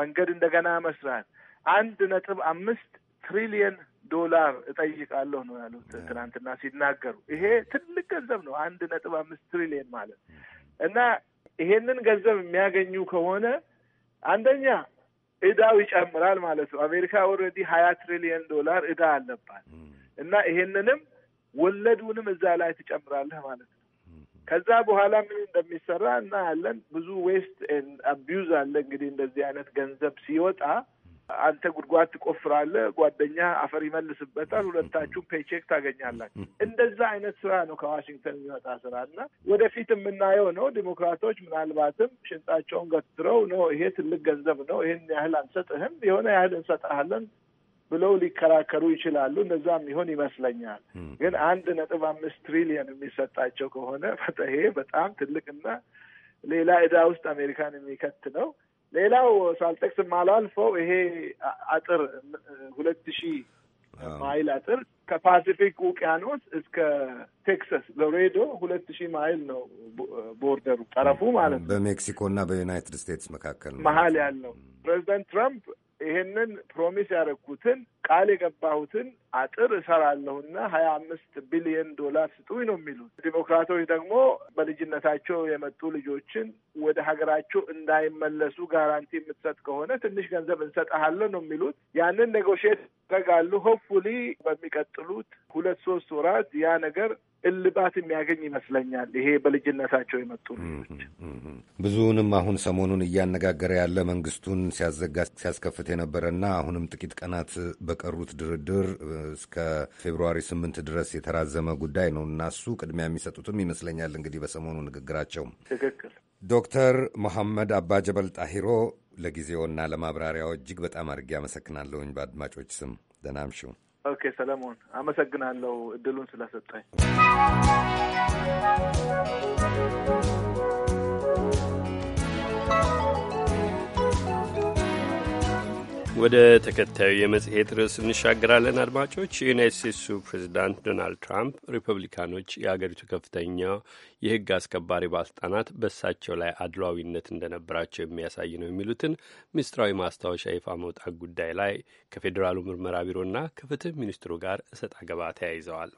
መንገድ እንደገና መስራት አንድ ነጥብ አምስት ትሪሊየን ዶላር እጠይቃለሁ ነው ያሉት ትናንትና ሲናገሩ። ይሄ ትልቅ ገንዘብ ነው፣ አንድ ነጥብ አምስት ትሪሊየን ማለት እና ይሄንን ገንዘብ የሚያገኙ ከሆነ አንደኛ እዳው ይጨምራል ማለት ነው። አሜሪካ ኦልሬዲ ሀያ ትሪሊየን ዶላር እዳ አለባት እና ይሄንንም ወለዱንም እዛ ላይ ትጨምራለህ ማለት ነው። ከዛ በኋላ ምን እንደሚሰራ እናያለን። ብዙ ዌስት አቢዩዝ አለ። እንግዲህ እንደዚህ አይነት ገንዘብ ሲወጣ አንተ ጉድጓድ ትቆፍራለህ፣ ጓደኛ አፈር ይመልስበታል። ሁለታችሁም ፔቼክ ታገኛላችሁ። እንደዛ አይነት ስራ ነው ከዋሽንግተን የሚወጣ ስራ እና ወደፊት የምናየው ነው። ዲሞክራቶች ምናልባትም ሽንጣቸውን ገትረው ነው ይሄ ትልቅ ገንዘብ ነው፣ ይህን ያህል አንሰጥህም፣ የሆነ ያህል እንሰጥሃለን ብለው ሊከራከሩ ይችላሉ። እነዛም ይሆን ይመስለኛል። ግን አንድ ነጥብ አምስት ትሪሊየን የሚሰጣቸው ከሆነ ይሄ በጣም ትልቅና ሌላ እዳ ውስጥ አሜሪካን የሚከት ነው። ሌላው ሳልጠቅስ ማላልፈው ይሄ አጥር ሁለት ሺህ ማይል አጥር ከፓሲፊክ ውቅያኖስ እስከ ቴክሳስ ሎሬዶ ሁለት ሺህ ማይል ነው ቦርደሩ ጠረፉ ማለት ነው። በሜክሲኮ እና በዩናይትድ ስቴትስ መካከል መሀል ያለው ፕሬዚደንት ትራምፕ ይሄንን ፕሮሚስ ያደረግኩትን ቃል የገባሁትን አጥር እሰራለሁና ሀያ አምስት ቢሊየን ዶላር ስጡኝ ነው የሚሉት። ዲሞክራቶች ደግሞ በልጅነታቸው የመጡ ልጆችን ወደ ሀገራቸው እንዳይመለሱ ጋራንቲ የምትሰጥ ከሆነ ትንሽ ገንዘብ እንሰጥሃለን ነው የሚሉት። ያንን ኔጎሽት ይጠጋሉ። ሆፕፉሊ በሚቀጥሉት ሁለት ሶስት ወራት ያ ነገር እልባት የሚያገኝ ይመስለኛል። ይሄ በልጅነታቸው የመጡ ልጆች ብዙውንም አሁን ሰሞኑን እያነጋገረ ያለ መንግስቱን ሲያዘጋ ሲያስከፍት የነበረና አሁንም ጥቂት ቀናት በቀሩት ድርድር እስከ ፌብርዋሪ ስምንት ድረስ የተራዘመ ጉዳይ ነው እና እሱ ቅድሚያ የሚሰጡትም ይመስለኛል እንግዲህ በሰሞኑ ንግግራቸው ትክክል ዶክተር መሐመድ አባ ጀበል ጣሂሮ ለጊዜውና ለማብራሪያው እጅግ በጣም አድርጌ አመሰግናለሁኝ። በአድማጮች ስም ደናም ሹ ኦኬ ሰለሞን አመሰግናለሁ እድሉን ስለሰጠኝ። ወደ ተከታዩ የመጽሔት ርዕስ እንሻገራለን። አድማጮች የዩናይት ስቴትሱ ፕሬዚዳንት ዶናልድ ትራምፕ ሪፐብሊካኖች የአገሪቱ ከፍተኛ የሕግ አስከባሪ ባለስልጣናት በእሳቸው ላይ አድሏዊነት እንደነበራቸው የሚያሳይ ነው የሚሉትን ሚኒስትራዊ ማስታወሻ ይፋ መውጣት ጉዳይ ላይ ከፌዴራሉ ምርመራ ቢሮና ከፍትህ ሚኒስትሩ ጋር እሰጥ አገባ ተያይዘዋል።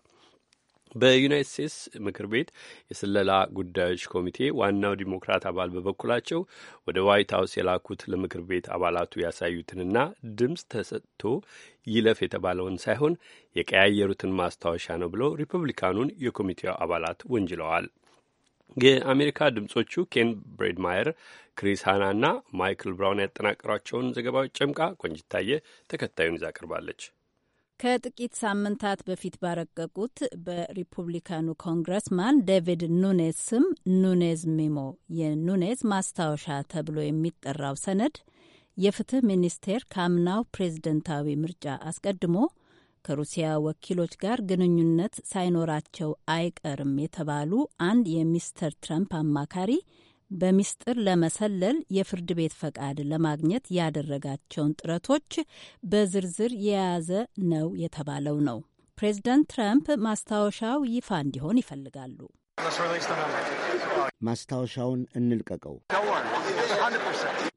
በዩናይት ስቴትስ ምክር ቤት የስለላ ጉዳዮች ኮሚቴ ዋናው ዲሞክራት አባል በበኩላቸው ወደ ዋይት ሀውስ የላኩት ለምክር ቤት አባላቱ ያሳዩትንና ድምፅ ተሰጥቶ ይለፍ የተባለውን ሳይሆን የቀያየሩትን ማስታወሻ ነው ብለው ሪፐብሊካኑን የኮሚቴው አባላት ወንጅለዋል። የአሜሪካ ድምጾቹ ኬን ብሬድማየር፣ ክሪስ ሃና እና ማይክል ብራውን ያጠናቀሯቸውን ዘገባዎች ጨምቃ ቆንጅታየ ተከታዩን ይዛ ቀርባለች። ከጥቂት ሳምንታት በፊት ባረቀቁት በሪፑብሊካኑ ኮንግረስማን ዴቪድ ኑኔዝ ስም ኑኔዝ ሚሞ የኑኔዝ ማስታወሻ ተብሎ የሚጠራው ሰነድ የፍትህ ሚኒስቴር ከአምናው ፕሬዝደንታዊ ምርጫ አስቀድሞ ከሩሲያ ወኪሎች ጋር ግንኙነት ሳይኖራቸው አይቀርም የተባሉ አንድ የሚስተር ትራምፕ አማካሪ በሚስጥር ለመሰለል የፍርድ ቤት ፈቃድ ለማግኘት ያደረጋቸውን ጥረቶች በዝርዝር የያዘ ነው የተባለው ነው። ፕሬዚዳንት ትራምፕ ማስታወሻው ይፋ እንዲሆን ይፈልጋሉ። ማስታወሻውን እንልቀቀው።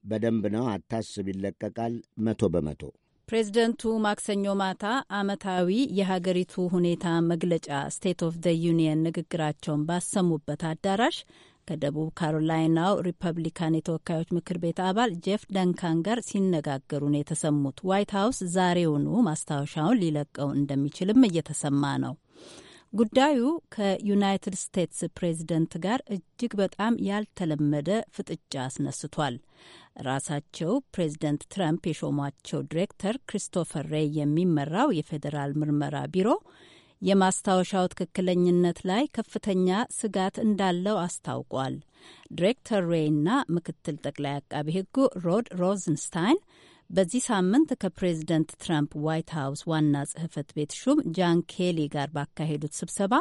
በደንብ ነው፣ አታስብ፣ ይለቀቃል መቶ በመቶ። ፕሬዝደንቱ ማክሰኞ ማታ ዓመታዊ የሀገሪቱ ሁኔታ መግለጫ ስቴት ኦፍ ዘ ዩኒየን ንግግራቸውን ባሰሙበት አዳራሽ ከደቡብ ካሮላይናው ሪፐብሊካን የተወካዮች ምክር ቤት አባል ጄፍ ደንካን ጋር ሲነጋገሩ ነው የተሰሙት። ዋይት ሀውስ ዛሬውኑ ማስታወሻውን ሊለቀው እንደሚችልም እየተሰማ ነው። ጉዳዩ ከዩናይትድ ስቴትስ ፕሬዝደንት ጋር እጅግ በጣም ያልተለመደ ፍጥጫ አስነስቷል። ራሳቸው ፕሬዝደንት ትራምፕ የሾሟቸው ዲሬክተር ክሪስቶፈር ሬይ የሚመራው የፌዴራል ምርመራ ቢሮ የማስታወሻው ትክክለኝነት ላይ ከፍተኛ ስጋት እንዳለው አስታውቋል። ዲሬክተር ሬይ እና ምክትል ጠቅላይ አቃቢ ሕጉ ሮድ ሮዝንስታይን በዚህ ሳምንት ከፕሬዝደንት ትራምፕ ዋይት ሀውስ ዋና ጽህፈት ቤት ሹም ጃን ኬሊ ጋር ባካሄዱት ስብሰባ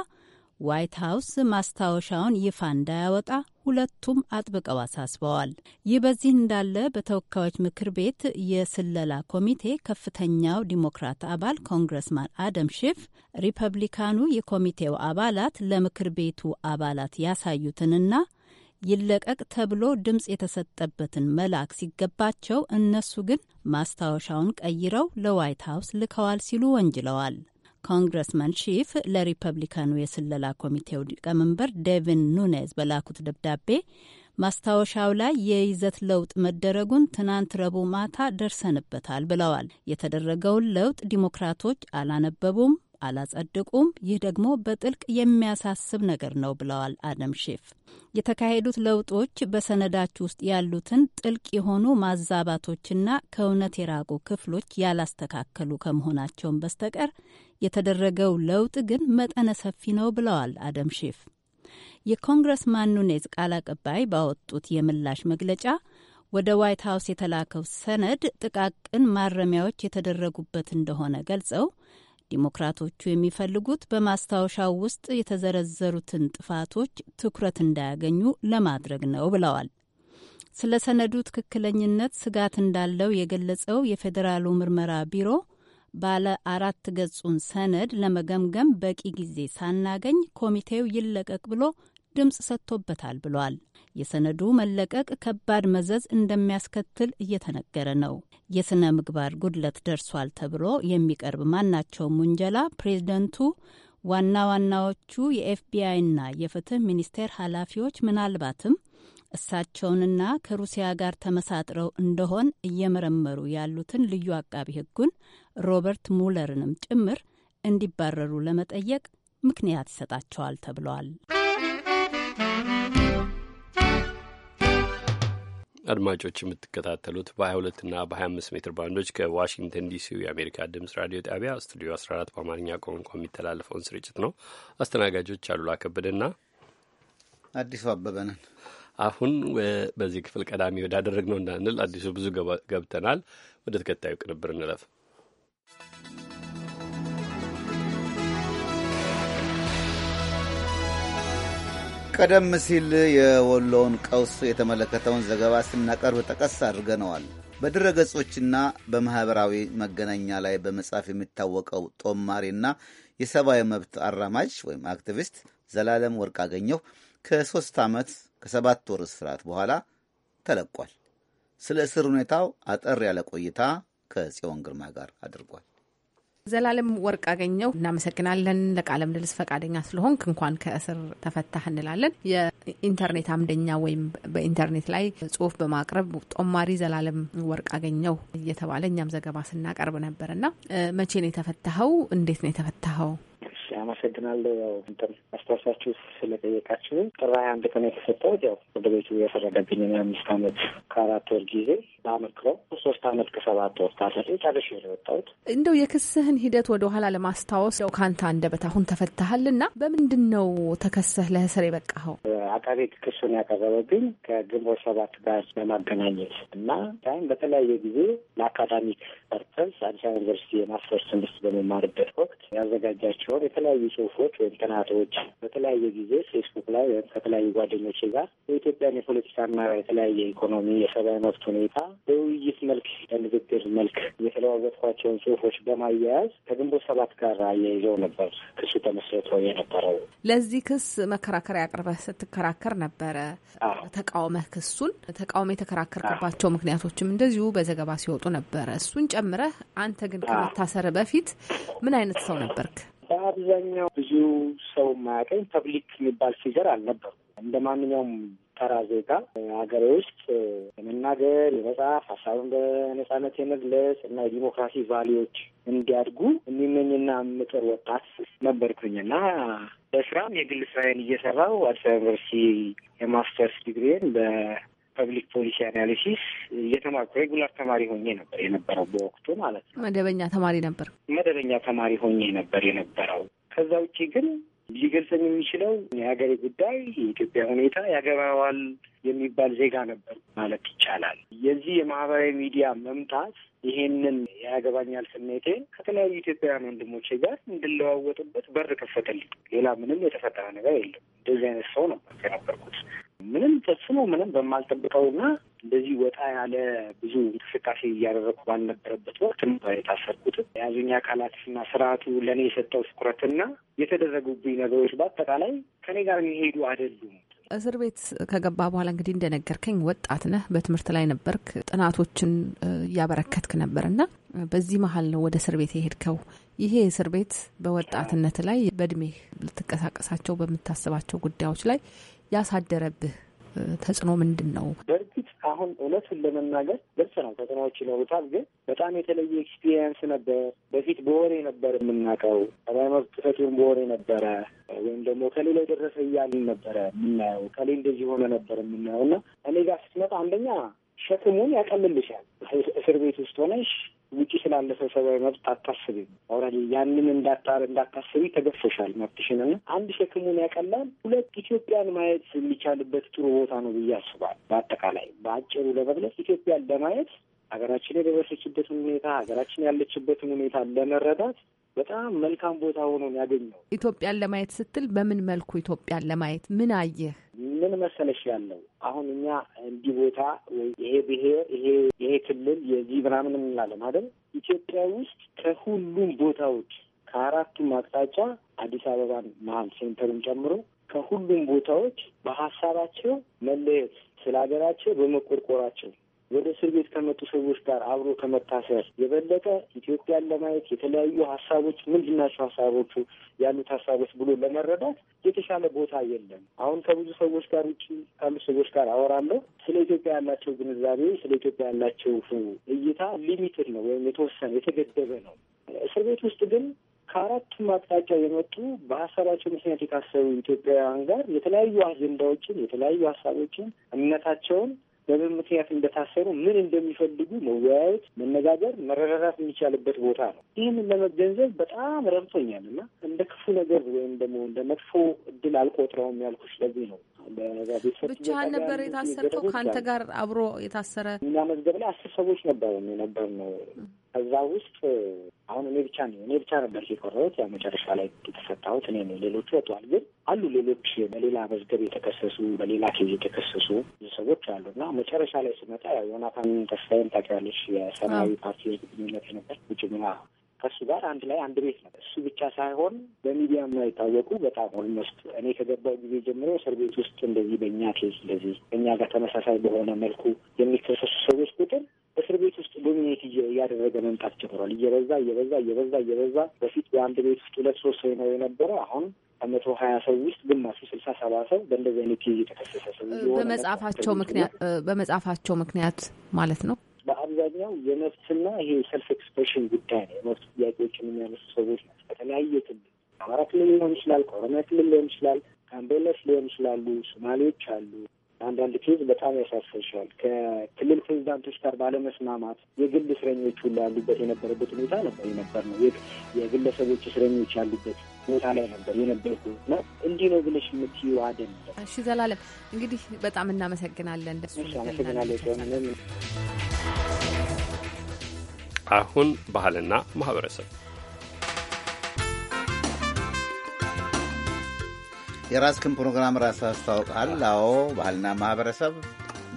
ዋይት ሀውስ ማስታወሻውን ይፋ እንዳያወጣ ሁለቱም አጥብቀው አሳስበዋል። ይህ በዚህ እንዳለ በተወካዮች ምክር ቤት የስለላ ኮሚቴ ከፍተኛው ዲሞክራት አባል ኮንግረስማን አደም ሺፍ ሪፐብሊካኑ የኮሚቴው አባላት ለምክር ቤቱ አባላት ያሳዩትንና ይለቀቅ ተብሎ ድምፅ የተሰጠበትን መላክ ሲገባቸው እነሱ ግን ማስታወሻውን ቀይረው ለዋይት ሀውስ ልከዋል ሲሉ ወንጅለዋል። ኮንግረስመን ቺፍ ለሪፐብሊካኑ የስለላ ኮሚቴው ሊቀመንበር ዴቪን ኑኔዝ በላኩት ደብዳቤ ማስታወሻው ላይ የይዘት ለውጥ መደረጉን ትናንት ረቡዕ ማታ ደርሰንበታል ብለዋል። የተደረገውን ለውጥ ዲሞክራቶች አላነበቡም አላጸደቁም። ይህ ደግሞ በጥልቅ የሚያሳስብ ነገር ነው ብለዋል አደም ሼፍ። የተካሄዱት ለውጦች በሰነዳች ውስጥ ያሉትን ጥልቅ የሆኑ ማዛባቶችና ከእውነት የራቁ ክፍሎች ያላስተካከሉ ከመሆናቸውን በስተቀር የተደረገው ለውጥ ግን መጠነ ሰፊ ነው ብለዋል አደም ሼፍ። የኮንግረስ ማኑኔዝ ቃል አቀባይ ባወጡት የምላሽ መግለጫ ወደ ዋይት ሀውስ የተላከው ሰነድ ጥቃቅን ማረሚያዎች የተደረጉበት እንደሆነ ገልጸው ዲሞክራቶቹ የሚፈልጉት በማስታወሻው ውስጥ የተዘረዘሩትን ጥፋቶች ትኩረት እንዳያገኙ ለማድረግ ነው ብለዋል። ስለ ሰነዱ ትክክለኝነት ስጋት እንዳለው የገለጸው የፌዴራሉ ምርመራ ቢሮ ባለ አራት ገጹን ሰነድ ለመገምገም በቂ ጊዜ ሳናገኝ ኮሚቴው ይለቀቅ ብሎ ድምፅ ሰጥቶበታል ብሏል። የሰነዱ መለቀቅ ከባድ መዘዝ እንደሚያስከትል እየተነገረ ነው። የሥነ ምግባር ጉድለት ደርሷል ተብሎ የሚቀርብ ማናቸውም ውንጀላ ፕሬዝደንቱ ዋና ዋናዎቹ የኤፍቢአይና የፍትህ ሚኒስቴር ኃላፊዎች ምናልባትም እሳቸውንና ከሩሲያ ጋር ተመሳጥረው እንደሆን እየመረመሩ ያሉትን ልዩ አቃቢ ሕጉን ሮበርት ሙለርንም ጭምር እንዲባረሩ ለመጠየቅ ምክንያት ይሰጣቸዋል ተብሏል። አድማጮች የምትከታተሉት በ 22 እና በ25 ሜትር ባንዶች ከዋሽንግተን ዲሲ የአሜሪካ ድምጽ ራዲዮ ጣቢያ ስቱዲዮ 14 በአማርኛ ቋንቋ የሚተላለፈውን ስርጭት ነው። አስተናጋጆች አሉላ ከበደና አዲሱ አበበ ነን። አሁን በዚህ ክፍል ቀዳሚ ወዳደረግ ነው እንዳንል አዲሱ ብዙ ገብተናል። ወደ ተከታዩ ቅንብር እንለፍ። ቀደም ሲል የወሎውን ቀውስ የተመለከተውን ዘገባ ስናቀርብ ጠቀስ አድርገነዋል። በድረ ገጾችና በማኅበራዊ መገናኛ ላይ በመጻፍ የሚታወቀው ጦማሪና የሰብአዊ መብት አራማጅ ወይም አክቲቪስት ዘላለም ወርቅ አገኘሁ ከሦስት ዓመት ከሰባት ወር እስራት በኋላ ተለቋል። ስለ እስር ሁኔታው አጠር ያለ ቆይታ ከጽዮን ግርማ ጋር አድርጓል። ዘላለም ወርቅ አገኘው እናመሰግናለን። ለቃለ ምልልስ ፈቃደኛ ስለሆንክ እንኳን ከእስር ተፈታህ እንላለን። የኢንተርኔት አምደኛ ወይም በኢንተርኔት ላይ ጽሁፍ በማቅረብ ጦማሪ ዘላለም ወርቅ አገኘው እየተባለ እኛም ዘገባ ስናቀርብ ነበር እና መቼ ነው የተፈታኸው? እንዴት ነው የተፈታኸው? አመሰግናለሁ። ያው አስታውሳችሁ ስለጠየቃችሁ ጥር ሀያ አንድ ቀን የተሰጠሁት ያው ፍርድ ቤቱ የፈረደብኝ አምስት አመት ከአራት ወር ጊዜ በአመክሮ ሶስት አመት ከሰባት ወር ታስሬ ጨርሼ ነው የወጣሁት። እንደው የክስህን ሂደት ወደ ኋላ ለማስታወስ ው ከአንተ አንደበት አሁን ተፈትሃል እና በምንድን ነው ተከሰህ ለእስር የበቃኸው? አቃቤ ክሱን ያቀረበብኝ ከግንቦት ሰባት ጋር በማገናኘት እና ታይም በተለያየ ጊዜ ለአካዳሚክ ፐርፐዝ አዲስ አበባ ዩኒቨርሲቲ የማስተርስ ትምህርት በመማርበት ወቅት ያዘጋጃቸውን የተለያዩ ጽሁፎች ወይም ጥናቶች በተለያየ ጊዜ ፌስቡክ ላይ ወይም ከተለያዩ ጓደኞች ጋር የኢትዮጵያን የፖለቲካና የተለያየ ኢኮኖሚ፣ የሰብአዊ መብት ሁኔታ በውይይት መልክ በንግግር መልክ የተለዋወጥኳቸውን ጽሁፎች በማያያዝ ከግንቦት ሰባት ጋር አያይዘው ነበር ክሱ ተመስርቶ የነበረው። ለዚህ ክስ መከራከሪያ አቅርበህ ስትከራከር ነበረ። ተቃውመህ ክሱን ተቃውሞ የተከራከርክባቸው ምክንያቶችም እንደዚሁ በዘገባ ሲወጡ ነበረ። እሱን ጨምረህ አንተ ግን ከመታሰር በፊት ምን አይነት ሰው ነበርክ? በአብዛኛው ብዙ ሰው ማያቀኝ ፐብሊክ የሚባል ፊገር አልነበሩ እንደ ማንኛውም ተራ ዜጋ ሀገሬ ውስጥ የመናገር የመጽሐፍ ሀሳብን በነጻነት የመግለጽ እና የዲሞክራሲ ቫሊዎች እንዲያድጉ የሚመኝና ምጥር ወጣት እና በስራም የግል ስራዬን እየሰራው አዲስ አበባ ዩኒቨርሲቲ የማስተርስ ዲግሪን በፐብሊክ ፖሊሲ አናሊሲስ እየተማርኩ ሬጉላር ተማሪ ሆኜ ነበር የነበረው በወቅቱ ማለት ነው። መደበኛ ተማሪ ነበር። መደበኛ ተማሪ ሆኜ ነበር የነበረው። ከዛ ውጭ ግን ሊገልጸኝ የሚችለው የሀገሬ ጉዳይ የኢትዮጵያ ሁኔታ ያገባዋል የሚባል ዜጋ ነበር ማለት ይቻላል። የዚህ የማህበራዊ ሚዲያ መምጣት ይሄንን ያገባኛል ስሜቴን ከተለያዩ ኢትዮጵያውያን ወንድሞቼ ጋር እንድለዋወጥበት በር ከፈተልኝ። ሌላ ምንም የተፈጠረ ነገር የለም። እንደዚህ አይነት ሰው ነበር የነበርኩት። ምንም ፈጽሞ ምንም በማልጠብቀውና እንደዚህ ወጣ ያለ ብዙ እንቅስቃሴ እያደረኩ ባልነበረበት ወቅት የታሰርኩት የያዙኝ አካላትና ስርዓቱ ለእኔ የሰጠው ትኩረትና የተደረጉብኝ ነገሮች በአጠቃላይ ከኔ ጋር የሚሄዱ አይደሉም። እስር ቤት ከገባ በኋላ እንግዲህ እንደነገርከኝ ወጣት ነህ፣ በትምህርት ላይ ነበርክ፣ ጥናቶችን እያበረከትክ ነበር እና በዚህ መሀል ነው ወደ እስር ቤት የሄድከው። ይሄ እስር ቤት በወጣትነት ላይ በእድሜ ልትንቀሳቀሳቸው በምታስባቸው ጉዳዮች ላይ ያሳደረብህ ተጽዕኖ ምንድን ነው? በእርግጥ አሁን እውነቱን ለመናገር ደስ ነው ተጽዕኖዎች ይኖሩታል። ግን በጣም የተለየ ኤክስፒሪየንስ ነበር። በፊት በወሬ ነበር የምናውቀው ሰብዓዊ መብት ጥሰቱን በወሬ ነበረ፣ ወይም ደግሞ ከሌላ የደረሰ እያልን ነበረ የምናየው፣ ከሌ እንደዚህ ሆነ ነበር የምናየው እና እኔ ጋር ስትመጣ አንደኛ ሸክሙን ያቀልልሻል። እስር ቤት ውስጥ ሆነሽ ውጪ ስላለፈ ሰብአዊ መብት አታስብም። ኦልሬዲ ያንን እንዳታስቢ ተገፈሻል መብትሽን እና አንድ ሸክሙን ያቀላል። ሁለት ኢትዮጵያን ማየት የሚቻልበት ጥሩ ቦታ ነው ብዬ አስባል። በአጠቃላይ በአጭሩ ለመግለጽ ኢትዮጵያን ለማየት ሀገራችን የደረሰችበትን ሁኔታ ሀገራችን ያለችበትን ሁኔታ ለመረዳት በጣም መልካም ቦታ ሆኖ ያገኘው። ኢትዮጵያን ለማየት ስትል በምን መልኩ ኢትዮጵያን ለማየት ምን አየህ? ምን መሰለሽ ያለው አሁን እኛ እንዲህ ቦታ ወይ ይሄ ብሔር ይሄ ይሄ ክልል የዚህ ምናምን እንላለን አይደል? ኢትዮጵያ ውስጥ ከሁሉም ቦታዎች ከአራቱም አቅጣጫ አዲስ አበባን መሀል ሴንተሩን ጨምሮ ከሁሉም ቦታዎች በሀሳባቸው መለየት ስለ ሀገራቸው በመቆርቆራቸው ወደ እስር ቤት ከመጡ ሰዎች ጋር አብሮ ከመታሰር የበለጠ ኢትዮጵያን ለማየት የተለያዩ ሀሳቦች ምንድን ናቸው ሀሳቦቹ ያሉት ሀሳቦች ብሎ ለመረዳት የተሻለ ቦታ የለም። አሁን ከብዙ ሰዎች ጋር ውጭ ካሉ ሰዎች ጋር አወራለሁ። ስለ ኢትዮጵያ ያላቸው ግንዛቤ፣ ስለ ኢትዮጵያ ያላቸው እይታ ሊሚትድ ነው ወይም የተወሰነ የተገደበ ነው። እስር ቤት ውስጥ ግን ከአራቱም አቅጣጫ የመጡ በሀሳባቸው ምክንያት የታሰሩ ኢትዮጵያውያን ጋር የተለያዩ አጀንዳዎችን የተለያዩ ሀሳቦችን እምነታቸውን በምን ምክንያት እንደታሰሩ፣ ምን እንደሚፈልጉ መወያየት፣ መነጋገር፣ መረዳዳት የሚቻልበት ቦታ ነው። ይህንን ለመገንዘብ በጣም ረብቶኛል እና እንደ ክፉ ነገር ወይም ደግሞ እንደ መጥፎ እድል አልቆጥረውም ያልኩሽ ለዚህ ነው። ብቻህን ነበር የታሰርከው? ከአንተ ጋር አብሮ የታሰረ እኛ መዝገብ ላይ አስር ሰዎች ነበሩ የነበር ነው ከዛ ውስጥ አሁን እኔ ብቻ ነው እኔ ብቻ ነበር የቀረሁት። ያው መጨረሻ ላይ የተፈታሁት እኔ ነው። ሌሎቹ ወጥተዋል። ግን አሉ ሌሎች በሌላ መዝገብ የተከሰሱ በሌላ ኬዝ የተከሰሱ ብዙ ሰዎች አሉ እና መጨረሻ ላይ ስመጣ ያው ዮናታን ተስፋዬን ታውቂዋለሽ? የሰማያዊ ፓርቲ ግንኙነት ነበር ውጭ ምና ከእሱ ጋር አንድ ላይ አንድ ቤት ነበር። እሱ ብቻ ሳይሆን በሚዲያ የማይታወቁ በጣም ኦልሞስት እኔ ከገባው ጊዜ ጀምሮ እስር ቤት ውስጥ እንደዚህ በእኛ ኬዝ እንደዚህ እኛ ጋር ተመሳሳይ በሆነ መልኩ የሚከሰሱ ሰዎች ቁጥር እስር ቤት ውስጥ ዶሚኔት እያደረገ መምጣት ጀምሯል። እየበዛ እየበዛ እየበዛ እየበዛ በፊት በአንድ ቤት ውስጥ ሁለት ሶስት ሰው ነው የነበረ አሁን ከመቶ ሀያ ሰው ውስጥ ግማሹ ስልሳ ሰባ ሰው በእንደዚህ አይነት ኬዝ የተከሰሰ ሰው በመጽሐፋቸው ምክንያት በመጽሐፋቸው ምክንያት ማለት ነው። በአብዛኛው የመብትና ይሄ ሰልፍ ኤክስፕሬሽን ጉዳይ ነው። የመብት ጥያቄዎችን የሚያነሱ ሰዎች ናቸው። በተለያየ ክልል አማራ ክልል ሊሆን ይችላል፣ ከኦሮሚያ ክልል ሊሆን ይችላል፣ ጋምቤላስ ሊሆን ይችላሉ፣ ሶማሌዎች አሉ። አንዳንድ ኬዝ በጣም ያሳስርሻል። ከክልል ፕሬዚዳንቶች ጋር ባለመስማማት የግል እስረኞች ሁሉ ያሉበት የነበረበት ሁኔታ ነበር የነበር ነው። የግለሰቦች እስረኞች ያሉበት ቦታ ላይ ነበር የነበርኩ እና እንዲህ ነው ብለሽ የምትዩ አይደለም። እሺ ዘላለም እንግዲህ በጣም እናመሰግናለን። አመሰግናለሁ። አሁን ባህልና ማህበረሰብ የራስክን ፕሮግራም ራስ አስታውቃል። አዎ ባህልና ማህበረሰብ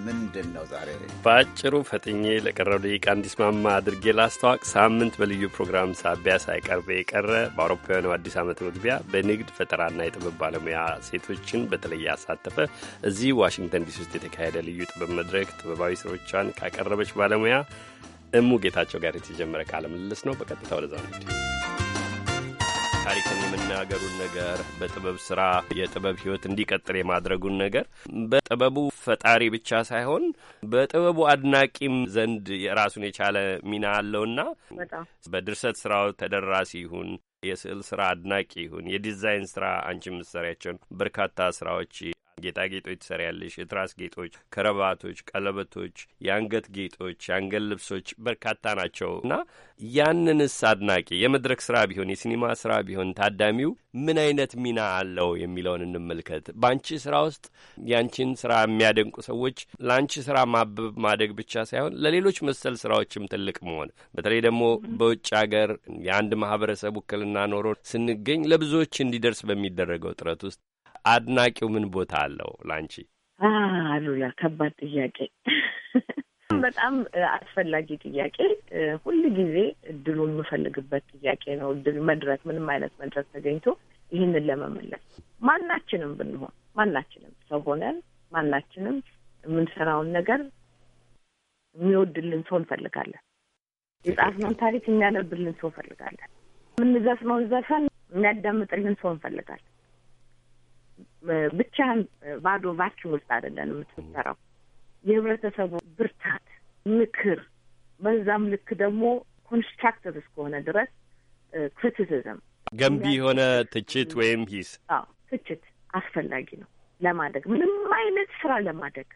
ምንድን ነው ዛሬ? በአጭሩ ፈጥኜ ለቀረው ደቂቃ እንዲስማማ አድርጌ ላስተዋቅ ሳምንት በልዩ ፕሮግራም ሳቢያ ሳይቀርበ የቀረ በአውሮፓውያኑ አዲስ ዓመት መግቢያ በንግድ ፈጠራና የጥበብ ባለሙያ ሴቶችን በተለይ ያሳተፈ እዚህ ዋሽንግተን ዲሲ ውስጥ የተካሄደ ልዩ ጥበብ መድረክ ጥበባዊ ስሮቿን ካቀረበች ባለሙያ እሙ ጌታቸው ጋር የተጀመረ ቃለ ምልልስ ነው። በቀጥታ ወደዛ ነው። ታሪክን የመናገሩን ነገር በጥበብ ስራ የጥበብ ህይወት እንዲቀጥል የማድረጉን ነገር በጥበቡ ፈጣሪ ብቻ ሳይሆን በጥበቡ አድናቂም ዘንድ የራሱን የቻለ ሚና አለውና በድርሰት ስራው ተደራሲ ይሁን፣ የስዕል ስራ አድናቂ ይሁን፣ የዲዛይን ስራ አንቺ የምትሰሪያቸውን በርካታ ስራዎች ጌጣጌጦች ትሰሪያለሽ፣ የትራስ ጌጦች፣ ከረባቶች፣ ቀለበቶች፣ የአንገት ጌጦች፣ የአንገት ልብሶች በርካታ ናቸው እና ያንንስ አድናቂ የመድረክ ስራ ቢሆን የሲኒማ ስራ ቢሆን ታዳሚው ምን አይነት ሚና አለው የሚለውን እንመልከት። በአንቺ ስራ ውስጥ ያንቺን ስራ የሚያደንቁ ሰዎች ለአንቺ ስራ ማበብ ማደግ ብቻ ሳይሆን ለሌሎች መሰል ስራዎችም ትልቅ መሆን በተለይ ደግሞ በውጭ ሀገር የአንድ ማህበረሰብ ውክልና ኖሮ ስንገኝ ለብዙዎች እንዲደርስ በሚደረገው ጥረት ውስጥ አድናቂው ምን ቦታ አለው ላንቺ? አሉላ ከባድ ጥያቄ፣ በጣም አስፈላጊ ጥያቄ፣ ሁል ጊዜ እድሉ የምፈልግበት ጥያቄ ነው። እድል መድረክ፣ ምንም አይነት መድረክ ተገኝቶ ይህንን ለመመለስ ማናችንም ብንሆን ማናችንም ሰው ሆነን ማናችንም የምንሰራውን ነገር የሚወድልን ሰው እንፈልጋለን። የጻፍነውን ታሪክ የሚያነብልን ሰው እንፈልጋለን። የምንዘፍነውን ዘፈን የሚያዳምጥልን ሰው እንፈልጋለን። ብቻህን ባዶ ቫኪም ውስጥ አይደለን የምትሰራው። የህብረተሰቡ ብርታት፣ ምክር በዛም ልክ ደግሞ ኮንስትራክቲቭ እስከሆነ ድረስ ክሪቲሲዝም፣ ገንቢ የሆነ ትችት ወይም ሂስ ትችት አስፈላጊ ነው ለማደግ ምንም አይነት ስራ ለማደግ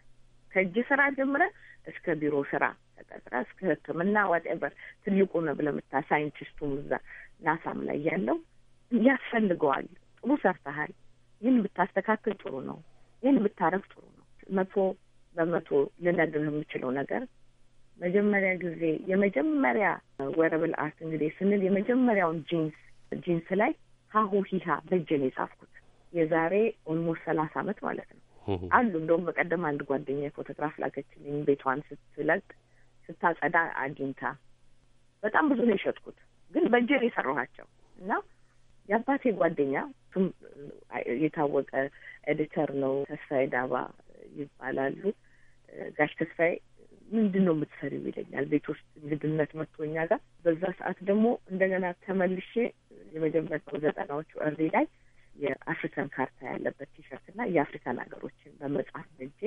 ከእጅ ስራ ጀምረ እስከ ቢሮ ስራ ተቀጥረ እስከ ሕክምና ዋቴቨር ትልቁ ነው ብለምታ ሳይንቲስቱም እዛ ናሳም ላይ ያለው ያስፈልገዋል። ጥሩ ሰርተሃል ይህን ብታስተካክል ጥሩ ነው፣ ይህን ብታረግ ጥሩ ነው። መቶ በመቶ ልነግርህ የምችለው ነገር መጀመሪያ ጊዜ የመጀመሪያ ወረብል አርት እንግዲህ ስንል የመጀመሪያውን ጂንስ ጂንስ ላይ ሀሁ ሂሃ በእጄ ነው የጻፍኩት የዛሬ ኦልሞስት ሰላሳ አመት ማለት ነው አሉ እንደውም በቀደም አንድ ጓደኛ ፎቶግራፍ ላከችልኝ ቤቷን ስትለቅ ስታጸዳ አግኝታ በጣም ብዙ ነው የሸጥኩት ግን በእጄ ነው የሰራኋቸው እና የአባቴ ጓደኛ እሱም የታወቀ ኤዲተር ነው። ተስፋዬ ዳባ ይባላሉ። ጋሽ ተስፋዬ ምንድን ነው የምትሰሪው ይለኛል። ቤት ውስጥ እንግድነት መጥቶ እኛ ጋር በዛ ሰዓት ደግሞ እንደገና ተመልሼ የመጀመሪያው ዘጠናዎቹ እሪ ላይ የአፍሪካን ካርታ ያለበት ቲሸርት እና የአፍሪካን ሀገሮችን በመጽሐፍ ነጄ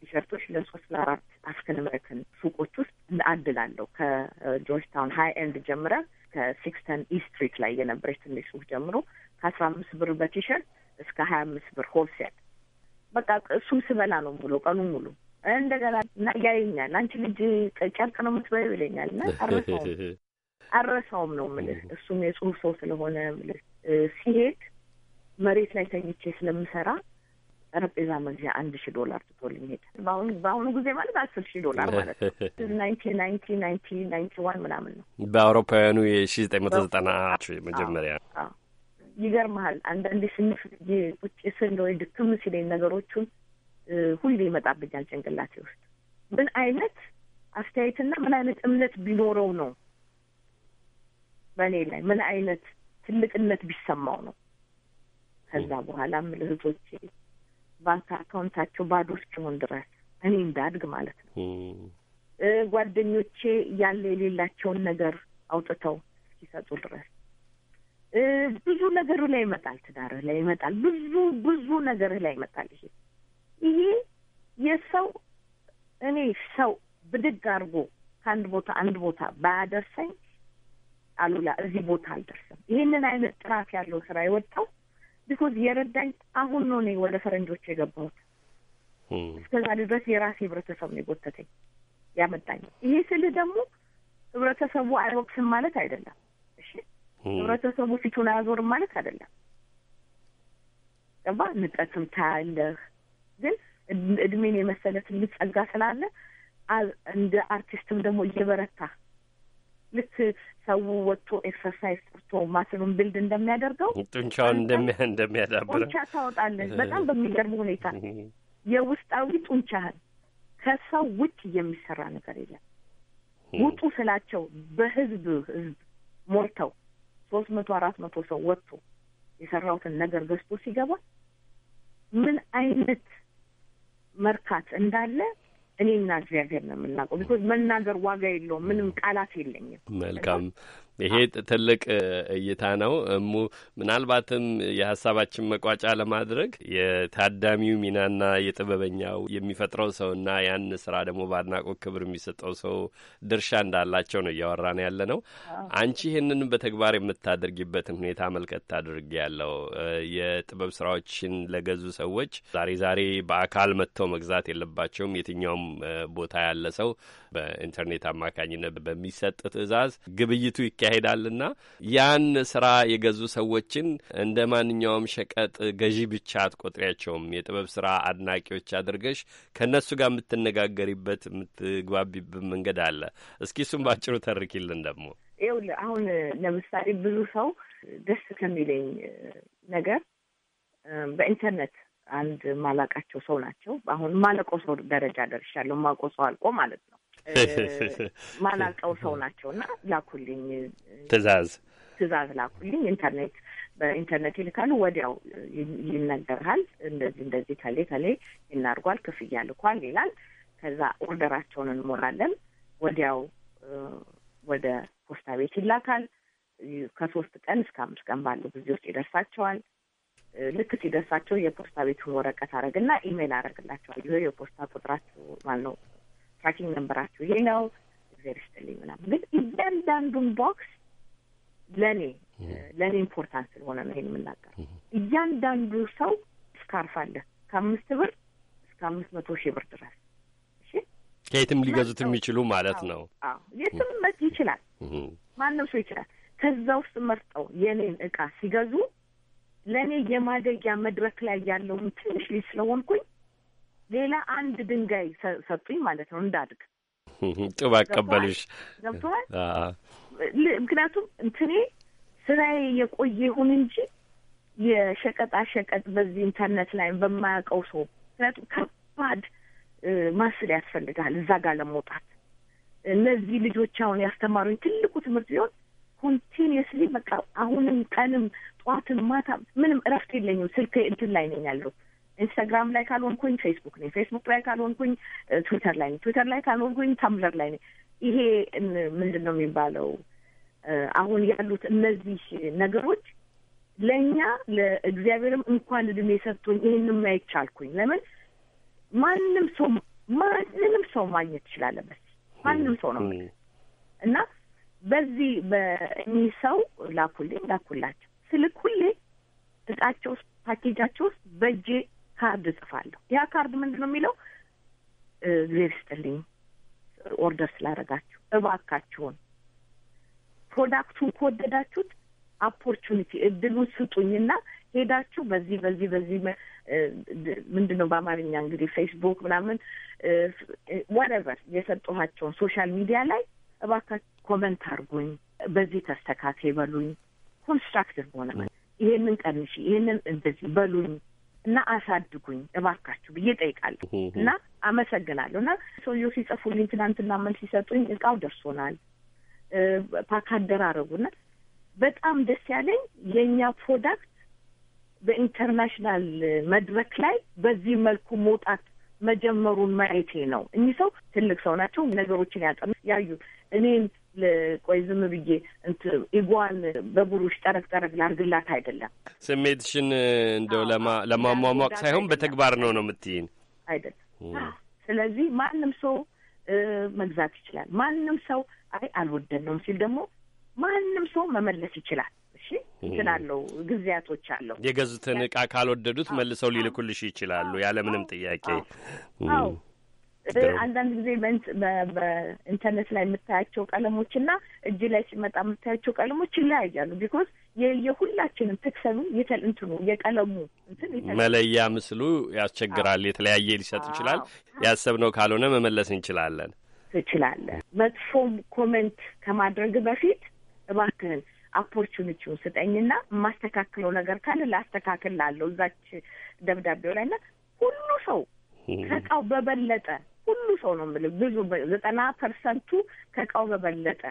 ቲሸርቶች ለሶስት ለአራት አፍሪካን አሜሪካን ሱቆች ውስጥ እናድላለሁ። ከጆርጅ ታውን ሀይ ኤንድ ጀምረ ከሲክስተን ኢስትሪት ላይ የነበረች ትንሽ ሱቅ ጀምሮ ከአስራ አምስት ብር በቲሸርት እስከ ሀያ አምስት ብር ሆልሴል በቃ እሱም ስበላ ነው ሙሉ ቀኑ ሙሉ እንደገና እና ያየኛል አንቺ ልጅ ጨርቅ ነው የምትበይው ይለኛል እና አረሰውም አረሰውም ነው የምልህ እሱም የጽሁፍ ሰው ስለሆነ የምልህ ሲሄድ መሬት ላይ ተኝቼ ስለምሰራ ጠረጴዛ መግዚያ አንድ ሺህ ዶላር ትቶልኝ ሄደ። በአሁኑ በአሁኑ ጊዜ ማለት አስር ሺህ ዶላር ማለት ነው። ናይንቲ ናይንቲ ናይንቲ ናይንቲ ዋን ምናምን ነው በአውሮፓውያኑ የሺ ዘጠኝ መቶ ዘጠና መጀመሪያ ይገርመሃል አንዳንዴ ስንፍ ልጅ ቁጭ ስል ወይ ድክም ሲለኝ ነገሮቹን ሁሌ ይመጣብኛል ጭንቅላቴ ውስጥ። ምን አይነት አስተያየትና ምን አይነት እምነት ቢኖረው ነው በእኔ ላይ ምን አይነት ትልቅነት ቢሰማው ነው? ከዛ በኋላ ምልህ እህቶቼ ባንክ አካውንታቸው ባዶ እስኪሆን ድረስ እኔ እንዳድግ ማለት ነው። ጓደኞቼ ያለ የሌላቸውን ነገር አውጥተው እስኪሰጡ ድረስ ብዙ ነገሩ ላይ ይመጣል፣ ትዳር ላይ ይመጣል፣ ብዙ ብዙ ነገርህ ላይ ይመጣል። ይሄ ይሄ የሰው እኔ ሰው ብድግ አድርጎ ከአንድ ቦታ አንድ ቦታ ባያደርሰኝ አሉላ እዚህ ቦታ አልደርስም። ይህንን አይነት ጥራት ያለው ስራ የወጣው ቢኮዝ የረዳኝ አሁን ነው እኔ ወደ ፈረንጆች የገባሁት። እስከዛ ድረስ የራሴ ህብረተሰብ ነው የጎተተኝ ያመጣኝ። ይሄ ስል ደግሞ ህብረተሰቡ አይወቅስም ማለት አይደለም። ህብረተሰቡ ፊቱን አያዞርም ማለት አይደለም። ገባ ንቀትም ታያለህ። ግን እድሜን የመሰለ ትልቅ ጸጋ ስላለ እንደ አርቲስትም ደግሞ እየበረታ ልክ ሰው ወጥቶ ኤክሰርሳይዝ ሰርቶ ማስሉን ብልድ እንደሚያደርገው ጡንቻውን እንደሚያዳብር ጡንቻ ታወጣለህ። በጣም በሚገርም ሁኔታ የውስጣዊ ጡንቻህን ከሰው ውጭ የሚሰራ ነገር የለም። ውጡ ስላቸው በህዝብ ህዝብ ሞልተው ሶስት መቶ አራት መቶ ሰው ወጥቶ የሰራሁትን ነገር ገዝቶ ሲገባ ምን አይነት መርካት እንዳለ እኔና እግዚአብሔር ነው የምናውቀው። ቢኮዝ መናገር ዋጋ የለውም። ምንም ቃላት የለኝም። መልካም ይሄ ትልቅ እይታ ነው እሙ። ምናልባትም የሀሳባችን መቋጫ ለማድረግ የታዳሚው ሚናና የጥበበኛው የሚፈጥረው ሰውና ያን ስራ ደግሞ በአድናቆት ክብር የሚሰጠው ሰው ድርሻ እንዳላቸው ነው እያወራን ያለ ነው። አንቺ ይህንን በተግባር የምታደርጊበትን ሁኔታ መልከት ታድርግ ያለው የጥበብ ስራዎችን ለገዙ ሰዎች ዛሬ ዛሬ በአካል መጥተው መግዛት የለባቸውም። የትኛውም ቦታ ያለ ሰው በኢንተርኔት አማካኝነት በሚሰጥ ትዕዛዝ ግብይቱ ይካሄዳል ይካሄዳልና ያን ስራ የገዙ ሰዎችን እንደ ማንኛውም ሸቀጥ ገዢ ብቻ አትቆጥሪያቸውም። የጥበብ ስራ አድናቂዎች አድርገሽ ከእነሱ ጋር የምትነጋገሪበት የምትግባቢበት መንገድ አለ። እስኪ እሱም በአጭሩ ተርኪልን ደግሞ ይኸውልህ አሁን ለምሳሌ ብዙ ሰው ደስ ከሚለኝ ነገር በኢንተርኔት አንድ ማላቃቸው ሰው ናቸው። አሁን ማለቆ ሰው ደረጃ ደርሻለሁ። ማቆ ሰው አልቆ ማለት ነው። ማናቀው ሰው ናቸው እና ላኩልኝ ትእዛዝ ትእዛዝ ላኩልኝ። ኢንተርኔት በኢንተርኔት ይልካሉ። ወዲያው ይነገርሃል። እንደዚህ እንደዚህ ከሌ ከሌ ይናርጓል፣ ክፍያ ልኳል ይላል። ከዛ ኦርደራቸውን እንሞላለን። ወዲያው ወደ ፖስታ ቤት ይላካል። ከሶስት ቀን እስከ አምስት ቀን ባለው ጊዜ ውስጥ ይደርሳቸዋል። ልክ ሲደርሳቸው የፖስታ ቤቱን ወረቀት አረግና ኢሜይል አረግላቸዋል። ይሄ የፖስታ ቁጥራችሁ ማነው ፓኪንግ ነንበራችሁ ይሄ ነው እግዚአብሔር ይስጥልኝ ምናምን። ግን እያንዳንዱን ቦክስ ለእኔ ለእኔ ኢምፖርታንት ስለሆነ ነው ይሄን የምናገር እያንዳንዱ ሰው ስካርፍ አለ ከአምስት ብር እስከ አምስት መቶ ሺህ ብር ድረስ ከየትም ሊገዙት የሚችሉ ማለት ነው። የትም መት ይችላል፣ ማንም ሰው ይችላል። ከዛ ውስጥ መርጠው የእኔን እቃ ሲገዙ ለእኔ የማደጊያ መድረክ ላይ ያለውን ትንሽ ልጅ ስለሆንኩኝ ሌላ አንድ ድንጋይ ሰጡኝ ማለት ነው እንዳድግ ጥብ አቀበሉሽ ገብቶሃል። ምክንያቱም እንትኔ ስራዬ የቆየ ይሁን እንጂ የሸቀጣ ሸቀጥ በዚህ ኢንተርኔት ላይ በማያውቀው ሰው ምክንያቱም ከባድ ማስል ያስፈልጋል እዛ ጋር ለመውጣት። እነዚህ ልጆች አሁን ያስተማሩኝ ትልቁ ትምህርት ቢሆን ኮንቲኒየስሊ በቃ አሁንም ቀንም ጠዋትም ማታ ምንም እረፍት የለኝም። ስልክ እንትን ላይ ነኝ ያለሁት ኢንስታግራም ላይ ካልሆንኩኝ ፌስቡክ ነኝ፣ ፌስቡክ ላይ ካልሆንኩኝ ትዊተር ላይ ነኝ፣ ትዊተር ላይ ካልሆንኩኝ ታምብለር ላይ ነኝ። ይሄ ምንድን ነው የሚባለው? አሁን ያሉት እነዚህ ነገሮች ለእኛ ለእግዚአብሔርም እንኳን እድሜ ሰጥቶኝ ይህንም ማየት ቻልኩኝ። ለምን ማንም ሰው ማንንም ሰው ማግኘት ትችላለበት። ማንም ሰው ነው እና በዚህ በእኚህ ሰው ላኩልኝ ላኩላቸው ስልክ ሁሌ እቃቸው ውስጥ ፓኬጃቸው ውስጥ በእጄ ካርድ እጽፋለሁ። ያ ካርድ ምንድን ነው የሚለው? እግዜር ይስጥልኝ ኦርደር ስላደረጋችሁ እባካችሁን ፕሮዳክቱን ከወደዳችሁት ኦፖርቹኒቲ እድሉን ስጡኝና ሄዳችሁ በዚህ በዚህ በዚህ ምንድን ነው በአማርኛ እንግዲህ ፌስቡክ ምናምን ወረቨር የሰጠኋቸውን ሶሻል ሚዲያ ላይ እባካችሁ ኮመንት አድርጉኝ፣ በዚህ ተስተካከይ በሉኝ፣ ኮንስትራክቲቭ በሆነ ይሄንን ቀንሽ፣ ይሄንን እንደዚህ በሉኝ እና አሳድጉኝ እባካችሁ ብዬ ጠይቃለሁ እና አመሰግናለሁ። እና ሰውየው ሲጽፉልኝ ትናንትና መልስ ሲሰጡኝ እቃው ደርሶናል ፓክ አደራረጉና በጣም ደስ ያለኝ የእኛ ፕሮዳክት በኢንተርናሽናል መድረክ ላይ በዚህ መልኩ መውጣት መጀመሩን ማየቴ ነው። እኚህ ሰው ትልቅ ሰው ናቸው። ነገሮችን ያጠኑ ያዩ እኔን ቆይ ዝም ብዬ እንት ኢጓን በቡሩሽ ጠረግ ጠረግ ላርግላት አይደለም። ስሜትሽን እንደው ለማሟሟቅ ሳይሆን በተግባር ነው ነው የምትይን አይደለም። ስለዚህ ማንም ሰው መግዛት ይችላል። ማንም ሰው አይ አልወደድነውም ሲል ደግሞ ማንም ሰው መመለስ ይችላል። እሺ እንትን አለው ጊዜያቶች አለው። የገዙትን እቃ ካልወደዱት መልሰው ሊልኩልሽ ይችላሉ ያለምንም ጥያቄ። አዎ አንዳንድ ጊዜ በኢንተርኔት ላይ የምታያቸው ቀለሞች እና እጅ ላይ ሲመጣ የምታያቸው ቀለሞች ይለያያሉ። ቢኮዝ የሁላችንም ትክሰሉ እንትኑ የቀለሙ መለያ ምስሉ ያስቸግራል። የተለያየ ሊሰጥ ይችላል። ያሰብነው ካልሆነ መመለስ እንችላለን ትችላለን። መጥፎም ኮሜንት ከማድረግ በፊት እባክህን አፖርቹኒቲውን ስጠኝና የማስተካክለው ነገር ካለ ላስተካክል ላለው እዛች ደብዳቤው ላይ ና ሁሉ ሰው ከቃው በበለጠ ሁሉ ሰው ነው የምልህ፣ ብዙ ዘጠና ፐርሰንቱ ከእቃው በበለጠ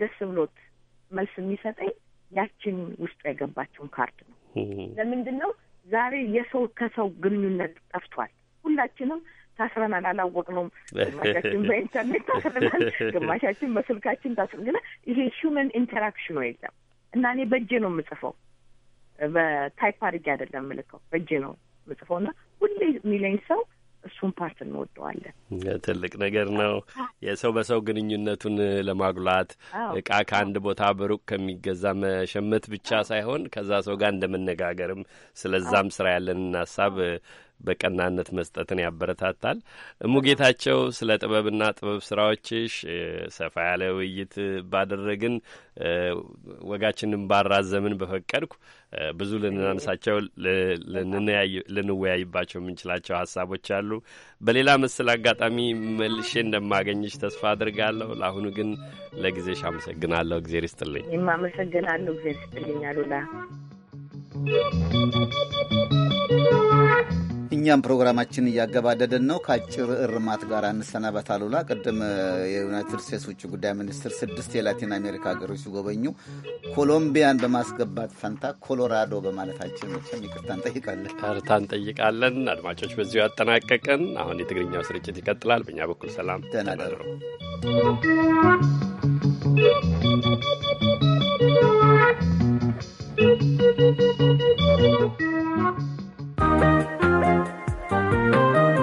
ደስ ብሎት መልስ የሚሰጠኝ ያችን ውስጡ የገባችውን ካርድ ነው። ለምንድን ነው ዛሬ የሰው ከሰው ግንኙነት ጠፍቷል? ሁላችንም ታስረናል፣ አላወቅነውም። ግማሻችን በኢንተርኔት ታስረናል፣ ግማሻችን በስልካችን ታስረ ግን ይሄ ሂውመን ኢንተራክሽኑ የለም እና እኔ በእጄ ነው የምጽፈው፣ በታይፕ አድርጌ አይደለም የምልከው፣ በእጄ ነው የምጽፈው እና ሁሌ የሚለኝ ሰው እሱን ፓርት እንወደዋለን። ትልቅ ነገር ነው። የሰው በሰው ግንኙነቱን ለማጉላት እቃ ከአንድ ቦታ በሩቅ ከሚገዛ መሸመት ብቻ ሳይሆን ከዛ ሰው ጋር እንደመነጋገርም ስለዛም ስራ ያለንን ሀሳብ በቀናነት መስጠትን ያበረታታል። ሙጌታቸው ስለ ጥበብና ጥበብ ስራዎችሽ ሰፋ ያለ ውይይት ባደረግን ወጋችንን ባራዘምን በፈቀድኩ ብዙ ልናነሳቸው ልንወያይባቸው የምንችላቸው ሀሳቦች አሉ። በሌላ መሰል አጋጣሚ መልሼ እንደማገኝሽ ተስፋ አድርጋለሁ። ለአሁኑ ግን ለጊዜሽ አመሰግናለሁ። እግዜር ይስጥልኝ። እኔም አመሰግናለሁ። እግዜር ይስጥልኝ አሉላ እኛም ፕሮግራማችን እያገባደደን ነው። ከአጭር እርማት ጋር እንሰናበት። አሉላ ቅድም የዩናይትድ ስቴትስ ውጭ ጉዳይ ሚኒስትር ስድስት የላቲን አሜሪካ ሀገሮች ሲጎበኙ ኮሎምቢያን በማስገባት ፈንታ ኮሎራዶ በማለታችን መቸም ይቅርታ እንጠይቃለን። ይቅርታ እንጠይቃለን። አድማጮች በዚሁ ያጠናቀቅን። አሁን የትግርኛው ስርጭት ይቀጥላል። በእኛ በኩል ሰላም፣ ደህና ደሩ።